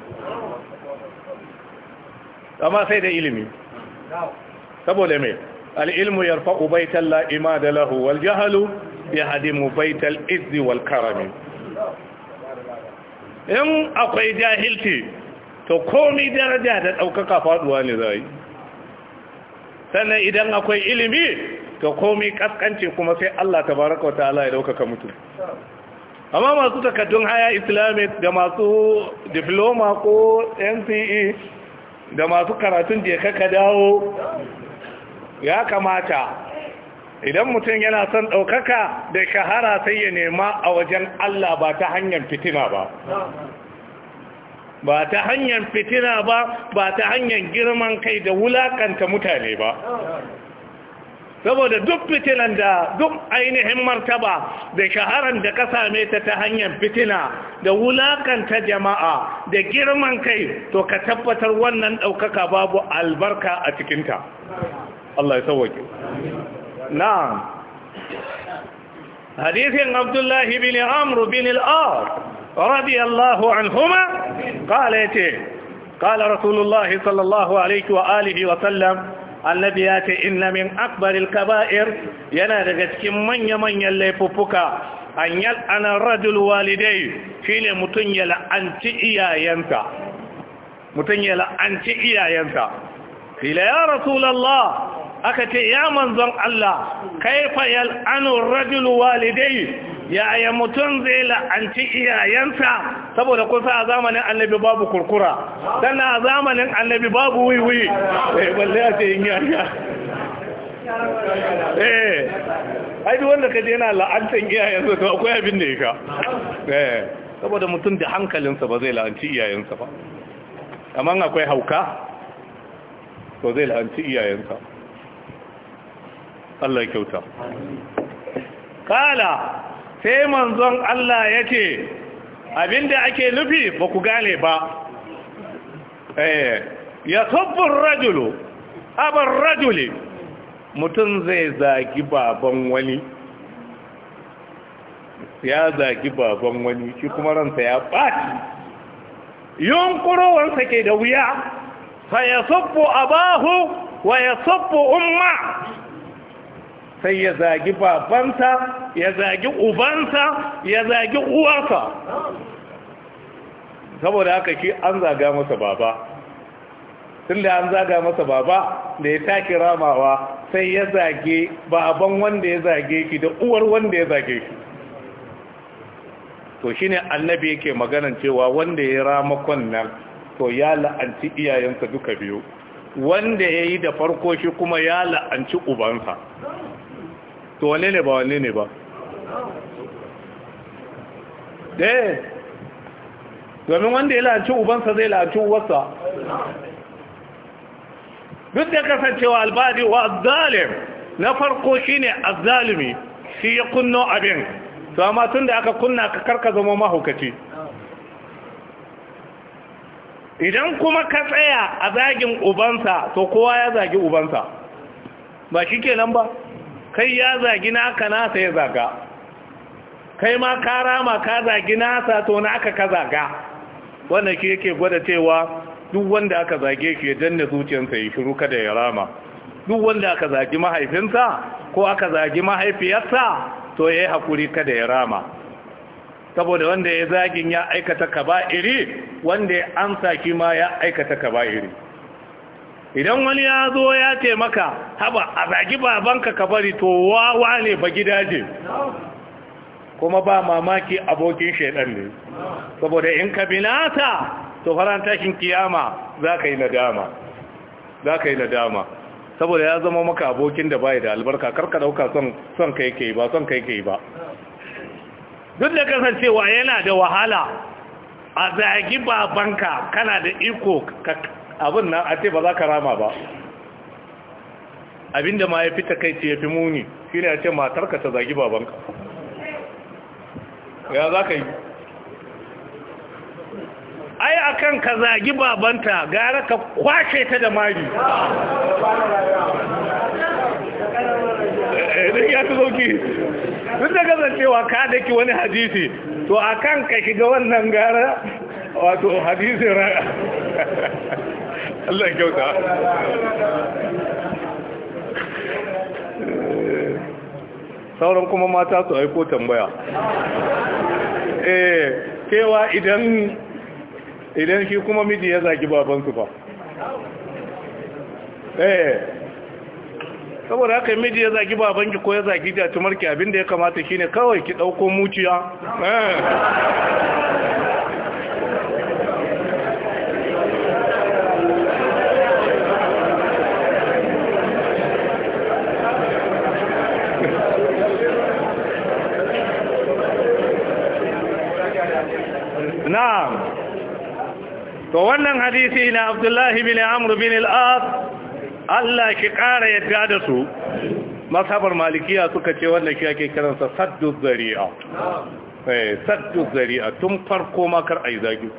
amma sai da ilimi saboda mai al'ilmu ya rufa ubaitan la'ima da lahu wal jahalu ya mu baital izzi wal karami in akwai jahilci to komi daraja da ɗaukaka faɗuwa ne za yi sannan idan akwai ilimi to komi kaskanci kuma sai Allah ta baraka wata ala ya ɗaukaka mutum amma masu takaddun haya islamic da masu diploma ko nce da masu karatun da ya ka dawo ya kamata idan mutum yana son ɗaukaka da shahara sai ya nema a wajen Allah ba ta hanyar fitina ba ba ta hanyar fitina ba ba ta hanyar girman kai da wulakanta mutane ba saboda duk fitilan da duk ainihin martaba da shaharar da ka same ta ta hanyar fitina da wulakanta jama'a da girman kai to ka tabbatar wannan ɗaukaka babu albarka a cikinta Allah ya sauwake na'am hadisin abdullahi bin Amru bin al radiyallahu anhuma qala ce. Kala rasulullahi sallallahu alaihi wa alihi wa sallam annabi ya ce inna min akbaril kaba'ir yana daga cikin manya-manyan laifuffuka an yal'ana rajul walidai shine mutum ya la'anci iyayensa mutum ya la'anci iyayensa kila ya rasulullah aka ce ya manzon Allah kaifa yal'anu rajul walidai yaya mutum zai la'anci iyayensa saboda kusa a zamanin annabi babu kurkura sannan a zamanin annabi babu wiwi eh balle a ce yin yaya eh haidu wanda ka je na la'antar iyayensa to akwai abin da ya eh saboda mutum da hankalinsa ba zai la'anci iyayensa ba amma akwai hauka to zai la'anci iyayensa Allah ya kyauta kala sai manzon Allah ya ce abinda ake nufi ba ku gane ba eh, ya sabbin rajulu abin rajuli mutum zai zagi baban wani ya zagi baban wani shi kuma ranta ya ɓaci yunkurowarsa ke da wuya fa ya sabbo abahu wa ya sabbo umma sai ya zagi babansa ya zagi ubansa ya zagi uwarsa saboda haka shi an zaga masa baba tun da an zaga masa baba da ya taƙi ramawa sai ya zage baban wanda ya zage shi da uwar wanda ya zage shi to shi ne annabi yake maganan cewa wanda ya ramakon nan to ya la'anci iyayensa duka biyu wanda ya yi da farko shi kuma ya la'anci ubansa to wane ne ba wanne ne ba ɗaya eh. domin wanda ya la'anci ubansa zai la'anci uwarsa duk da kasancewa albadi wa azzalim na farko shine azzalimi shi ya kunno abin to amma tun da aka kunna ka karka zama mahaukaci idan kuma ka tsaya a zagin ubansa to kowa ya zagi ubansa ba shi nan ba kai ya zagi naka nasa ya zaga kai ma ka rama ka zagi nasa to naka ka zaga wannan ke yake gwada cewa duk wanda aka zage shi ya danna zuciyarsa ya shiru kada ya rama duk wanda aka zagi mahaifinsa ko aka zagi mahaifiyarsa to ya yi haƙuri kada ya rama saboda wanda ya zagin ya aikata iri, wanda ya amsa ma ya aikata iri. idan wani ya zo ya ce maka haba a zagi babanka ka bari to wawa ne ba gidaje kuma ba mamaki abokin shaidan ne saboda in ka binata to farantashin kiyama za ka yi nadama za ka yi nadama saboda ya zama maka abokin da bai da albarka karka dauka son kai kai ba son kai kai ba duk da kasancewa yana da wahala a zagi babanka kana da iko abin nan a ce ba za ka rama ba abinda ma ya fi ta kai ce ya fi muni shi ne a ce matarka ta zagi babanka ya za ka yi ai a kan ka zagi babanta gara ka kwashe ta da mari idan eh, ya fi sauki duk da kasancewa ka daki wani hadisi to a kan ka shiga wannan gara wato hadisi raga Allah kyauta sauran kuma mata su aiko tambaya eh idan idan shi kuma miji ya zaki babansu ba eh saboda haka miji ya zaki babanki ko ya zaki jatumarki abinda ya kamata shine kawai ki dauko muciya eh na'am to wannan hadisi na abdullahi bin amr bin al-as Allah ki ƙara yadda da su masabar malikiya suka ce wannan shi ake kiransa saddu zari'a eh saddu zari'a tun farko makar ai zagi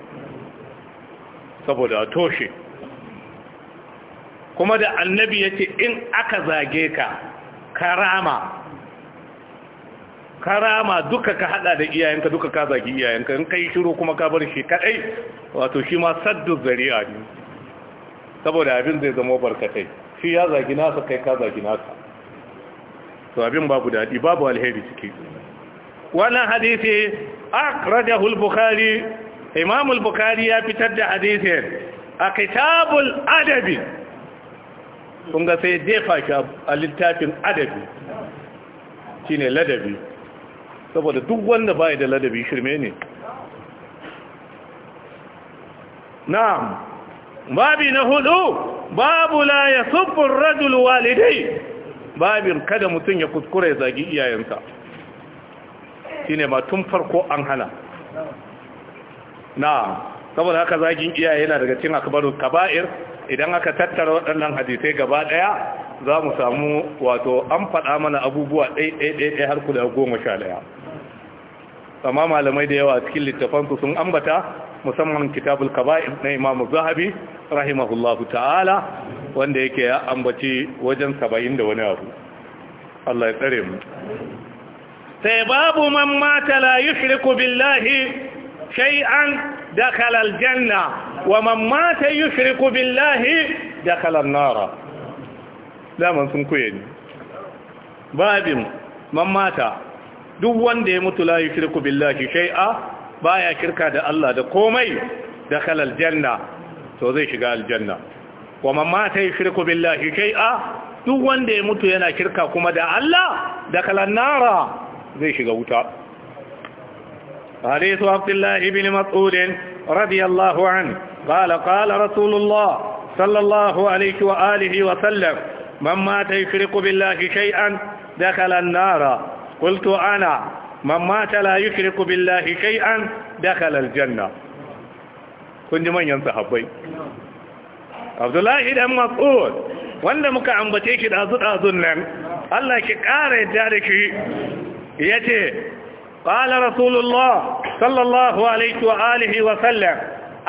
saboda toshe kuma da annabi yace in aka zage ka karama karama duka ka hada da iyayenka duka ka zagi iyayenka in kai shiru kuma ka bar shi kadai wato shi ma saddu zari'a ne saboda abin zai zama barkatai shi ya zagi nasa kai ka zagi nasa to abin babu dadi babu alheri ciki wannan hadisi akhrajahu al-bukhari imam al-bukhari ya fitar da hadisin a kitabul adabi kun ga sai jefa shi a littafin adabi shine ladabi saboda duk wanda bai da ladabi shirme ne na'am babi na hudu babu la ya ar-rajul walidai babin kada mutum ya kuskure zagi iyayensa shine ma tun farko an hana na'am saboda haka zagin iyaye yana daga cikin akbaru kaba'ir idan aka tattara waɗannan hadisai gaba ɗaya za mu samu wato an faɗa mana abubuwa ɗai har kuda goma sha ɗaya amma malamai da yawa cikin littafansu sun ambata musamman kitabul kaba'ir na imamu zahabi rahimahullahu ta'ala wanda yake ya ambaci wajen saba'in da wani abu Allah ya tsare mu sai babu man mata la yushriku billahi shay'an dakhala aljanna wa man mata yushriku billahi dakhala an-nara da man sun kuye ni babin man mata duk wanda ya mutu la yushriku billahi shay'a baya shirka da Allah da komai da kalal janna to zai shiga aljanna wa man mata yushriku billahi shay'a duk wanda ya mutu yana shirka kuma da Allah da kalal nara zai shiga wuta hadithu abdullah ibn mas'ud radiyallahu an qala qala rasulullah sallallahu alayhi wa alihi wa sallam man mata yushriku billahi shay'an dakhala an-nara qultu ana man mata la yushriku billahi shay'an dakhala aljanna kun ji manyan sahabbai Abdullahi dan Mas'ud wanda muka ambace shi da nan Allah ki kare yadda da shi yace qala rasulullah sallallahu alaihi wa alihi wa sallam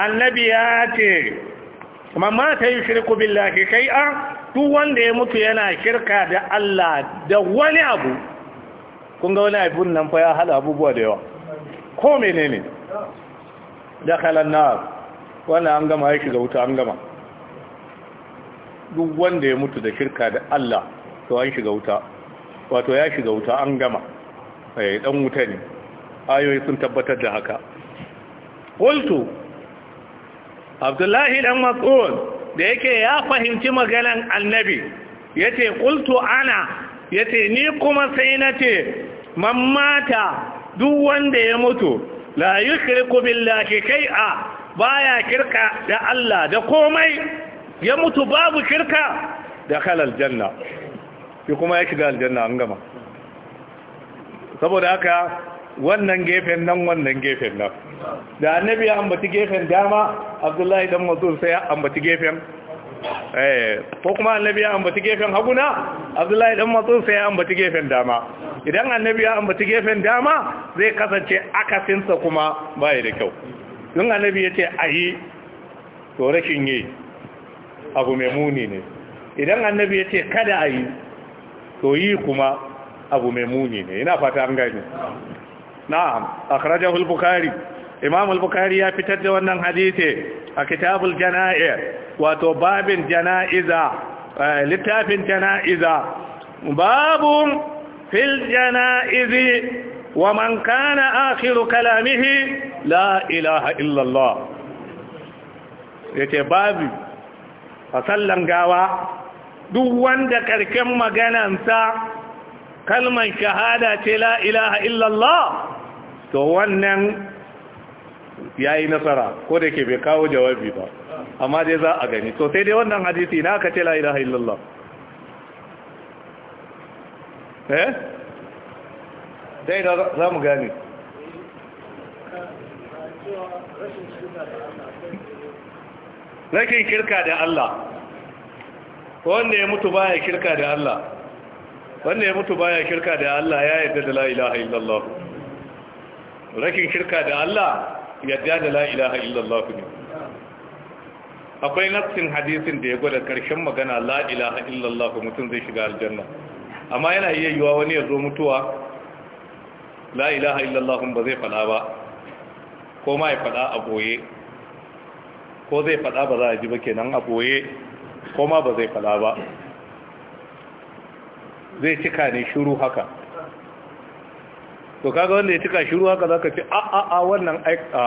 annabi yace man mata yushriku billahi shay'an duk wanda ya mutu yana kirka da Allah da wani abu kun ga wani abin nan fa ya hada abubuwa da yawa ko menene da an na wannan an gama ya shiga wuta an gama duk wanda ya mutu da shirka da Allah to an shiga wuta wato ya shiga wuta an gama eh dan wuta ne ayoyi sun tabbatar da haka qultu Abdullahi dan Mas'ud da yake ya fahimci maganan Annabi yace qultu ana ya ce ni kuma sai na ce man mata duk wanda ya mutu la shirku billahi a baya kirka da Allah da komai ya mutu babu kirka da kala janna shi kuma ya shiga aljanna an gama saboda haka wannan gefen nan wannan gefen nan da annabi ya ambaci gefen dama abdullahi dan mazur sai ya ambaci gefen Eh, ko kuma annabi ya ambaci gefen haguna abdullahi dan matsun sai ya ambaci gefen dama idan annabi ya ambaci gefen dama zai kasance akasinsa kuma bai da kyau don annabi ya ce ayi to rashin yi abu mai muni ne idan annabi ya ce kada ayi to yi kuma abu mai muni ne ina fata an gani na'am akhrajahu al-bukhari imam al-bukhari ya fitar da wannan hadisi a kitabul jana'ir wato babin jana'iza eh, littafin jana'iza babu fil jana'izi wa man kana akhiru kalamihi la ilaha illa Allah yace babu a sallan gawa duk wanda karken maganansa kalmar shahada ce la ilaha illa Allah to wannan ya yi nasara ko da ke bai kawo jawabi ba amma dai za a gani to sai dai wannan hadisi na aka ce la ilaha illallah eh dai da za mu gani Rashin kirka da Allah wanda ya mutu baya kirka da Allah wanda ya mutu baya kirka da Allah ya yarda da la ilaha illallah Rashin kirka da Allah yadda da la ilaha illallah ne akwai nassin hadisin da ya gwada karshen magana la ilaha illallah mutum zai shiga aljanna amma yana iya yiwa wani ya zo mutuwa la ilaha illallah ba zai fada ba ko ma ya fada a boye ko zai fada ba za a ji ba kenan a boye ko ma ba zai fada ba zai cika ne shiru haka to kaga wanda ya cika shiru haka zaka ce a a a wannan ai a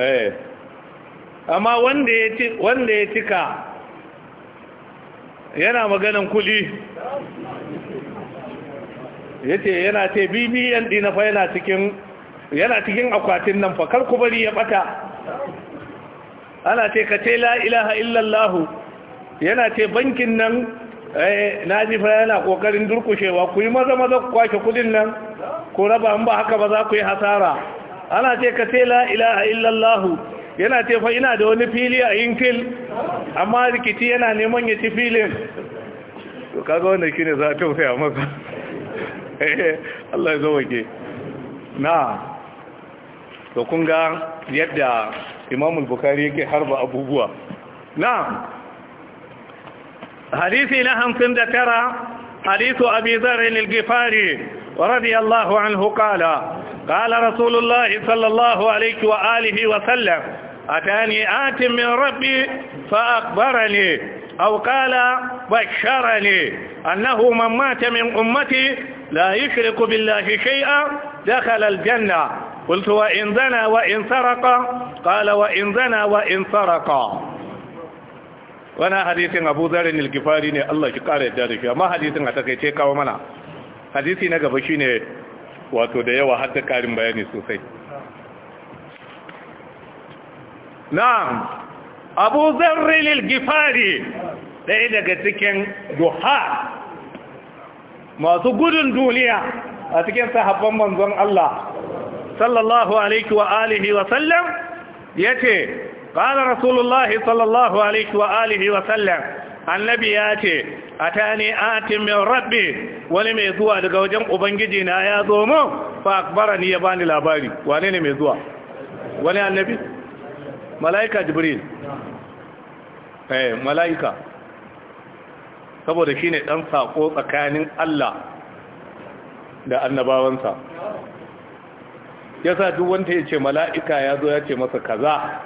eh amma wanda ya ci wanda ya cika yana maganan kuli yace yana ce BBN dina fa yana cikin yana cikin akwatin nan fa kar ku bari ya bata ana ce ka ce la ilaha illallah yana ce bankin nan eh na ji fa yana kokarin durkushewa ku yi maza maza ku kwashe kudin nan ko raba an ba haka ba za ku yi hasara ana ce ka ce la ilaha illallah yana ce fa ina da wani fili a yinkil amma rikici yana neman ya ci filin to kaga wannan shine za ta tausaya masa eh, Allah ya zo na to kun ga yadda Imam Bukhari yake harba abubuwa na حديثي لهم كن ذكر حديث أبي ذر الغفاري رضي الله عنه قال قال رسول الله صلى الله عليه وآله وسلم أتاني آت من ربي فأخبرني أو قال بشرني أنه من مات من أمتي لا يشرك بالله شيئا دخل الجنة قلت وإن زنى وإن سرق قال وإن زنى وإن سرق wani hadisin abu zarin ilgifari ne Allah ki kare yadda da shi amma hadisin a takaice kawo mana hadisi na gaba shi ne wato da yawa har karin bayani sosai na'am abu zarin ilgifari ɗaya daga cikin duha masu gudun duniya a cikin sahabban manzon Allah sallallahu alaihi wa alihi wa sallam yace قال رسول الله صلى الله عليه وآله وسلم annabi ياتي ce a من ربي ولم يزوى rabbi wani mai zuwa daga wajen ubangiji na ya zo mu النبي ملايكة جبريل ya bani labari wane ne mai saboda shine dan sako tsakanin Allah da annabawansa yasa duk wanda ya ce mala'ika ya zo ya ce masa kaza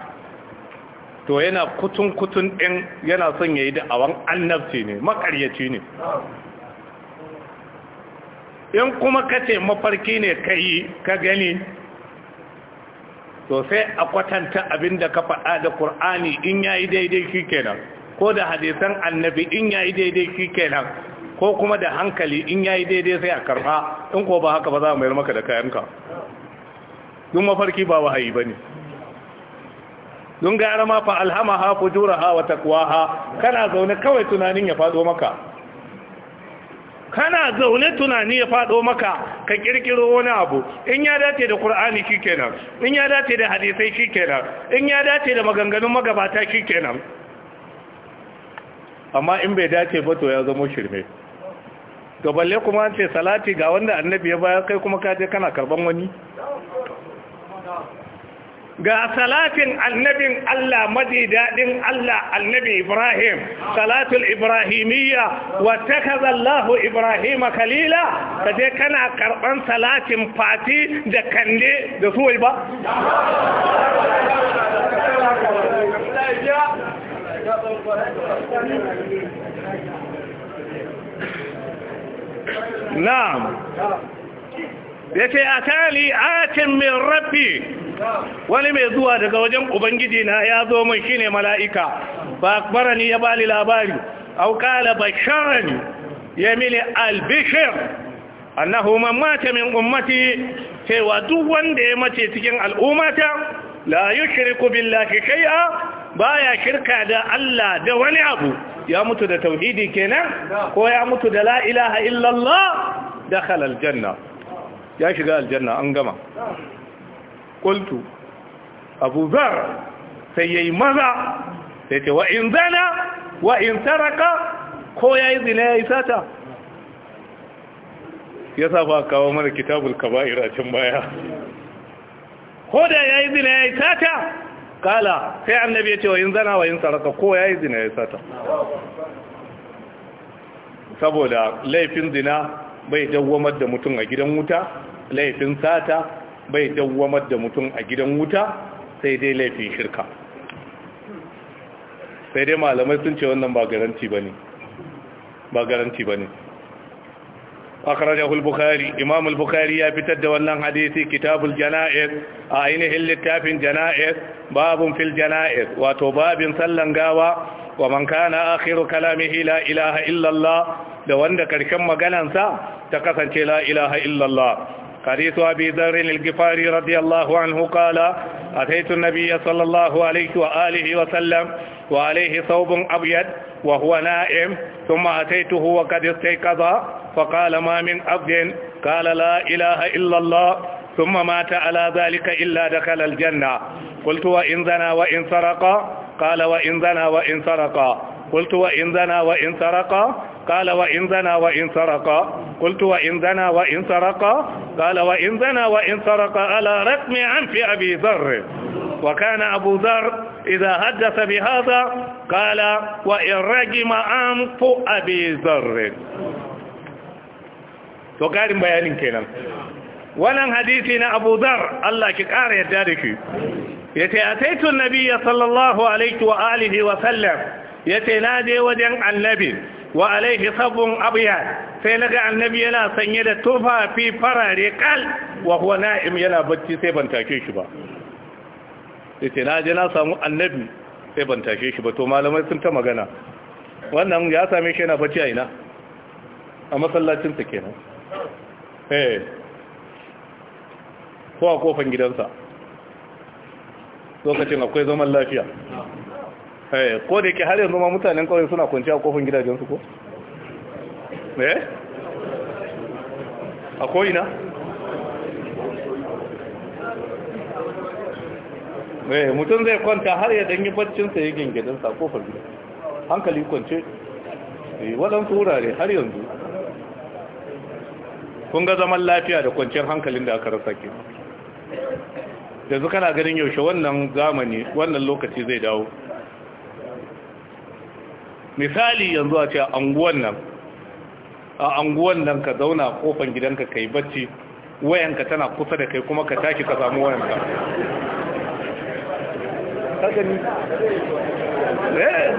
to yana kutun kutun ɗin, yana son yayi awon annabci ne makaryaci ne in kuma kace mafarki ne kai ka gani to sai a kwatanta abinda ka faɗa da Qur'ani in yayi daidai kenan, ko da hadisan annabi in yayi daidai kenan, ko kuma da hankali in yayi daidai sai a karba in ko ba haka ba za mu mayar maka da kayanka duk mafarki ba wahayi bane don gara ma fa alhamaha fujuraha wa taqwaha kana zaune kawai tunanin ya fado maka kana zaune tunani ya fado maka ka kirkiro wani abu in ya dace da qur'ani shikenan in ya dace da hadisai shikenan in ya dace da maganganun magabata shikenan amma in bai dace ba to ya zama shirme to balle kuma an ce salati ga wanda annabi ya bayar kai kuma ka je kana karban wani ga salatin annabin Allah maji dadin Allah annabi Ibrahim salatul Ibrahimiyya wa takaza Allahu Ibrahim kalila kaje kana karban salatin fati da kande da suwai ba na'am yace atali atin min rabbi wani mai zuwa daga wajen ubangiji na ya zo mun shine mala'ika ba akbarani ya bani labari aw basharani ya mini albishir annahu man min ummati cewa duk wanda ya mace cikin al'ummata la yushriku billahi shay'a baya shirka da Allah da wani abu ya mutu da tauhidi kenan ko ya mutu da la ilaha illallah dakhala aljanna ya shiga aljanna an gama qultu abu zar sai yayi maza sai ce wa in zana wa in taraka ko yayi zina yayi sata yasa ba kawo mana kitabul kaba'ir a can baya ko da yayi zina yayi sata kala sai annabi ya ce wa in zana wa in taraka ko yayi zina yayi sata saboda laifin zina bai dawwamar da mutum a gidan wuta laifin sata bai dawwamar da mutum a gidan wuta sai dai laifin shirka sai dai malamai sun ce wannan ba garanti ba ne ba garanti ba ne akarajahul bukari imamul bukari ya fitar da wannan hadisi kitabul jana'ir a ainihin littafin jana'ir babun fil jana'ir wato babin sallan gawa wa man kana akhiru kalamihi la ilaha illallah da wanda karshen maganansa ta kasance la ilaha illallah حديث أبي ذر الغفاري رضي الله عنه قال أتيت النبي صلى الله عليه وآله وسلم وعليه ثوب أبيض وهو نائم ثم أتيته وقد استيقظ فقال ما من عبد قال لا إله إلا الله ثم مات على ذلك إلا دخل الجنة قلت وإن زنى وإن سرق قال وإن زنى وإن سرق قلت وإن زنى وإن سرق قال وإن زنى وإن سرق قلت وإن زنى وإن سرق قال وإن زنى وإن سرق على رقم عنف أبي ذر وكان أبو ذر إذا حدث بهذا قال وإن رجم أنف أبي ذر وقال بيان كلام wannan hadisi na Abu Dhar Allah ki ƙara yadda da ki yace ataitu an-nabiyya sallallahu alaihi wa alihi wa sallam ya ce na je wajen annabi wa alaihi sabon abiya sai na ga annabi yana sanye da tufafi farare kal wa kuwa na'im yana bacci sai ban tashe shi ba ya ce na je na samu annabi sai ban tashe shi ba to malamai sun ta magana wannan ya same shi yana bacci a ina a masallacinsa kenan eh ko a kofan gidansa lokacin akwai zaman lafiya Eh, ko da ke har yanzu ma mutanen kawai suna kwanci a kofin gidajensu ko? eh? a ko'ina? eh mutum zai kwanta har ya danyi baccinsa ya gingidansa a kofar gida hankali kwance eh, waɗansu wurare har yanzu kun ga zaman lafiya da kwanciyar hankalin da aka rasa ke yanzu kana ganin yaushe wannan zamani wannan lokaci zai dawo misali yanzu a ce anguwan nan a anguwan nan ka zauna kofan gidanka ka yi bacci wayanka tana kusa da kai kuma ka tashi ka samu wayanka eh.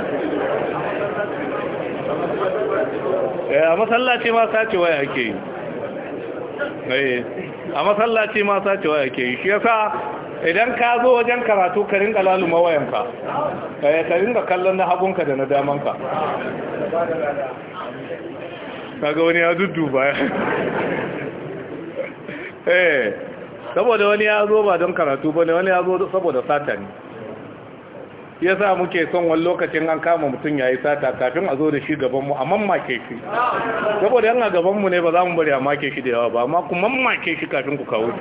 Eh, a masallaci ma sace waya ake yi eh, a masallaci ma sace waya ake yi shi yasa idan ka zo wajen karatu ka rinka laluma wayanka eh, ka rinka kallon na hagunka da na damanka kaga wani ya dudduba eh saboda wani ya zo ba don karatu ba ne wani ya zo saboda sata ne ya sa muke son wani lokacin an kama mutum ya yi sata kafin a zo da shi gabanmu a mammake shi saboda yana gabanmu ne ba za mu bari a make shi da yawa ba amma ku mammake shi kafin ku kawo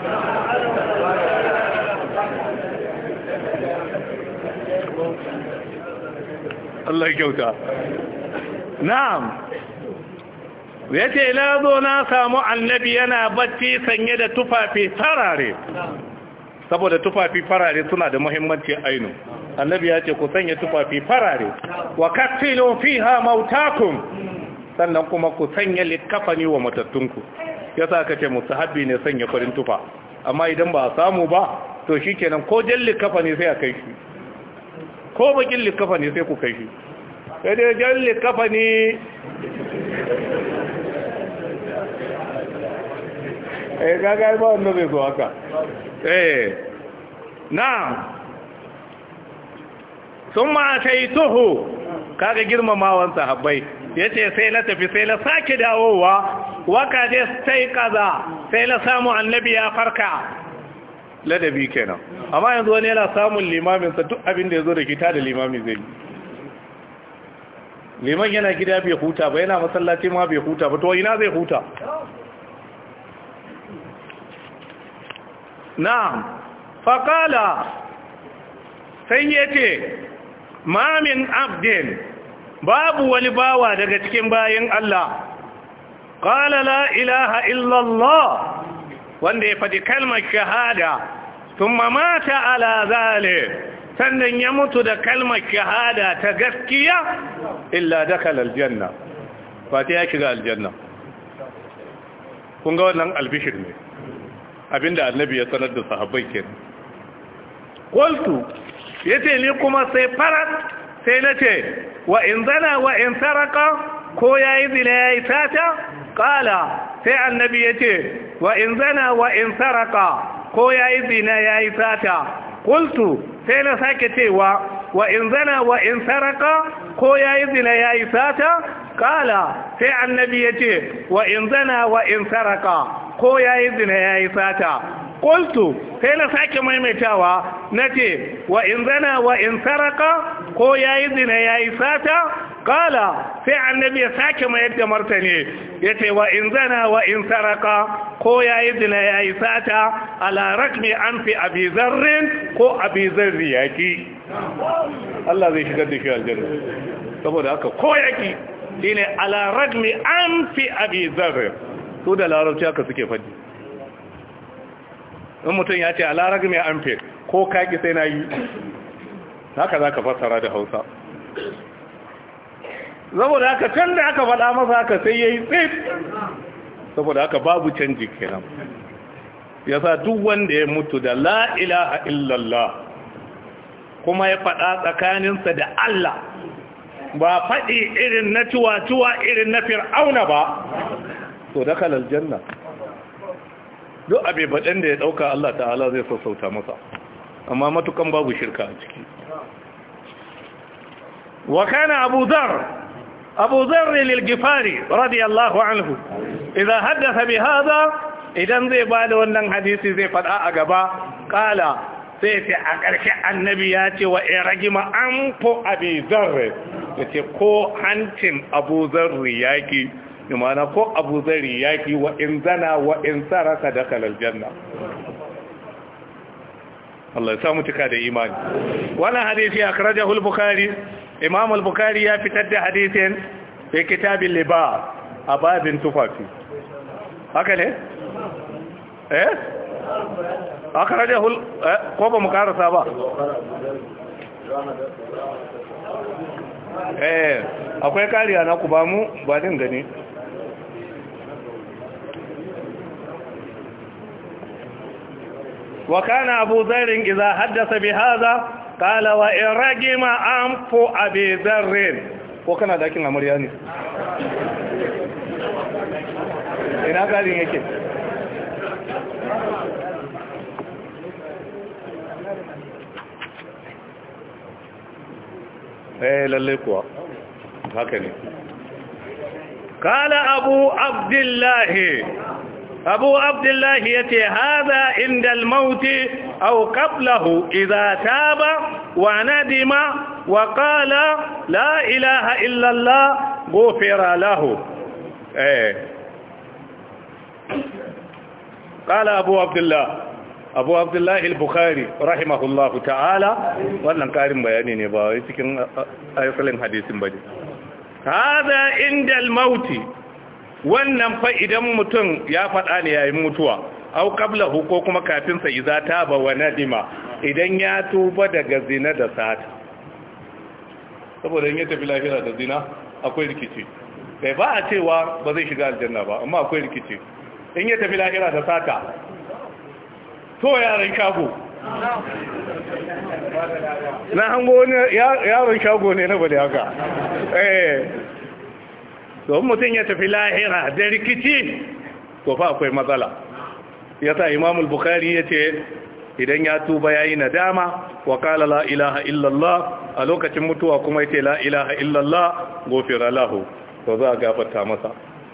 Allah kyauta na'am ya ce ila zo na samu annabi yana bacci sanye da tufafi farare saboda tufafi farare suna da muhimmanci ainu annabi ya ce ku sanya tufafi farare wa kattilu ha Mautakun sannan kuma ku sanya likafani wa matattunku ya sa ka ce mustahabbi ne sanya farin tufa amma idan ba a samu ba to shi kenan ko jan kafa sai a kai shi ko bakin likafa ne sai ku kai shi sai dai jan likafa ne eh gaga ba wanda zai zo haka eh na sun ma ta yi tuhu kaga girmamawan sahabbai ya ce sai na tafi sai na sake dawowa waka je sai kaza sai na samu annabi ya farka ladabi kenan amma yanzu wani yana samun limaminsa duk abin da ya zo da kita da limami zai liman yana gida bai huta ba yana masallaci ma bai huta ba to ina zai huta na'am faƙala sai ya ce mamin abdin babu wani bawa daga cikin bayan Allah ƙala la ilaha illallah wanda ya faɗi kalmar shahada thumma mata ala zalik sannan ya mutu da kalmar shahada ta gaskiya illa dakala aljanna fati ya shiga aljanna kun ga wannan albishir ne abinda annabi ya sanar da sahabbai kenan qultu yace ni kuma sai farat sai nace wa in zana wa in saraka ko yayi zina yayi sata qala sai annabi yace wa in zana wa in saraka ko ya yi zina ya yi sata kultu sai na sake cewa wa in zana wa in saraka ko ya yi zina ya yi sata kala sai annabi ya ce wa in zana wa in saraka ko ya yi zina ya yi sata kultu sai na sake maimaitawa na ce wa in zana wa in saraka ko ya yi zina ya yi sata kala sai annabi ya sake mayar da martani ya ce wa in zana wa in saraka ko ya yi zina ya yi sata ala rakmi an fi abi zarrin ko abi zarri yaki Allah zai shigar da shi aljanna saboda haka ko yaki shine ala rakmi an fi abi zarrin su da larabci haka suke faɗi in mutum ya ce ala rakmi an fi ko kaki sai na yi haka za ka fassara da hausa saboda haka can da aka faɗa masa haka sai ya yi tsit saboda haka babu canji kenan ya sa duk wanda ya mutu da laila a illallah kuma ya faɗa tsakaninsa da Allah ba faɗi irin na tuwa-tuwa irin na fir'auna ba So da kalal janna duk abe baɗin da ya ɗauka Allah ta'ala zai sassauta masa amma matukan babu shirka a ciki wa kana abu zar أبو ذر الغفاري رضي الله عنه إذا حدث بهذا bada wannan بعد zai faɗa a gaba أقبا قال سيتي أقرك النبيات وإرجم أنفو أبي ذر yace ko hancin abu yaki imana ko abu yaki wa in zana wa in saraka dakhala aljanna Allah da imani wannan hadisi akhrajahu al imam al-bukhari ya fitar da hadisin fi kitabin liba a babin tufafi haka ne eh aka raje hul eh, ko ba mu karasa ba eh akwai kariya na ku ba mu ba din gani abu zairin iza haddasa bi haza qala wa in ragima anfu abi dharr ko kana dakin amarya ne ina galin yake eh lalle kuwa haka ne kala abu abdullahi abu abdullahi yace hada inda al-mauti أو قبله إذا تاب وندم وقال لا إله إلا الله غفر له إيه. قال أبو عبد الله أبو عبد الله البخاري رحمه الله تعالى وأنا كارم بياني نبا يسكن أيصلين حديث بدي هذا عند الموت wannan fa idan mutum ya faɗa ne yayin mutuwa au kabla huko kuma kafin za ta ba wa nadima idan ya tuba daga zina da sata saboda in ya tafi lafiya da zina akwai rikici bai ba a cewa ba zai shiga aljanna ba amma akwai rikici in ya tafi lafiya da sata to yaran shago na hango wani yaran shago ne na bali haka eh don mutum ya tafi lahira da rikici to fa akwai matsala yasa imam al-bukhari ce idan ya tuba yi nadama wa qala la ilaha illallah a lokacin mutuwa kuma yace la ilaha illallah gofira lahu to za a gafarta masa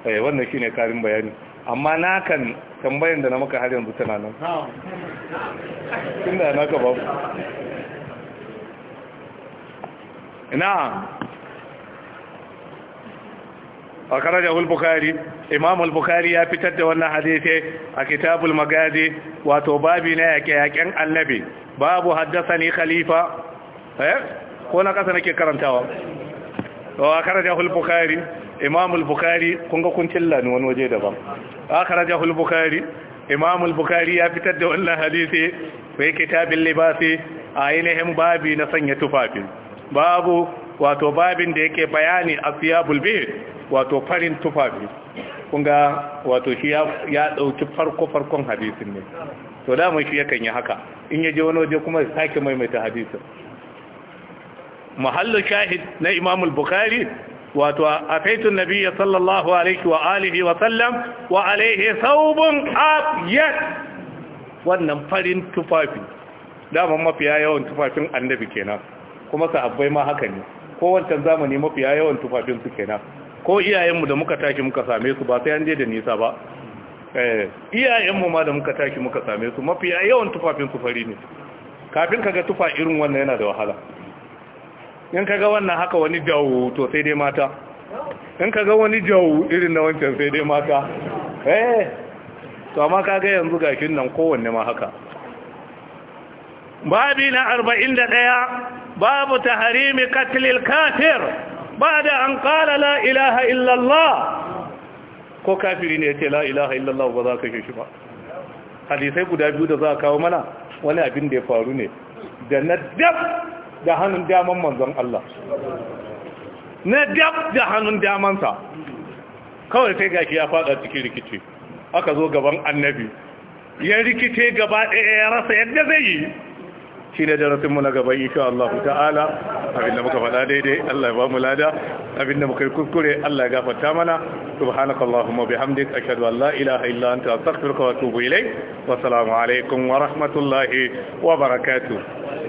eh wannan shine karin bayani amma na kan tambayan da na maka har yanzu tana nan tunda babu na'am akhrajahu al-bukhari imam al-bukhari ya fitar da wannan hadisi a kitabul magazi wato babi na yake yaken annabi babu haddathani khalifa eh ko na kasa nake karantawa wa akhrajahu al-bukhari imam al-bukhari kun ga kun tilla wani waje daban akhrajahu al-bukhari imam al-bukhari ya fitar da wannan hadisi fi kitabil libasi a ainihin babi na sanya tufafi babu wato babin da yake bayani asiyabul bayt wato farin tufafi kunga wato shi ya dauki farko farkon hadisin ne to da mun shi yakan yi haka in ya je wani waje kuma ya sake maimaita hadisin mahallu shahid na Imam al-Bukhari wato afaitu nabiyyi sallallahu alaihi wa alihi wa sallam wa alaihi saubun abyad wannan farin tufafi dama mafiya yawan tufafin annabi kenan kuma sahabbai ma haka ne kowancan zamani mafiya yawan tufafin su kenan ko iyayenmu da muka tashi muka same su ba sai an je da nisa ba eh, iyayenmu ma da muka tashi muka same su mafiya yawan tufafin su fari ne kafin kaga tufa irin wannan yana da wahala in kaga wannan haka wani jawo to sai dai mata in kaga wani jawo irin na wancan sai dai mata eh to amma kaga yanzu gashin nan kowanne ma haka babina 41 babu taharimi katilil kafir ba da an ƙala la ilaha illallah ko kafiri ne ya ce la ilaha illallah ba za ka shi ba hadisai guda biyu da za a kawo mana wani abin da ya faru ne da na daf da hannun daman manzon Allah na daf da hannun damansa kawai sai gashi ya fada cikin rikici aka zo gaban annabi ya rikice gaba ɗaya ya rasa yadda zai yi shi ne darasinmu na gaba insha Allah ta'ala abinda muka faɗa daidai Allah ya ba mu lada abinda muka yi kuskure Allah ya gafarta mana subhanakallahumma bihamdik ashhadu an la ilaha illa anta astaghfiruka wa atubu ilayk wa assalamu alaikum wa rahmatullahi wa barakatuh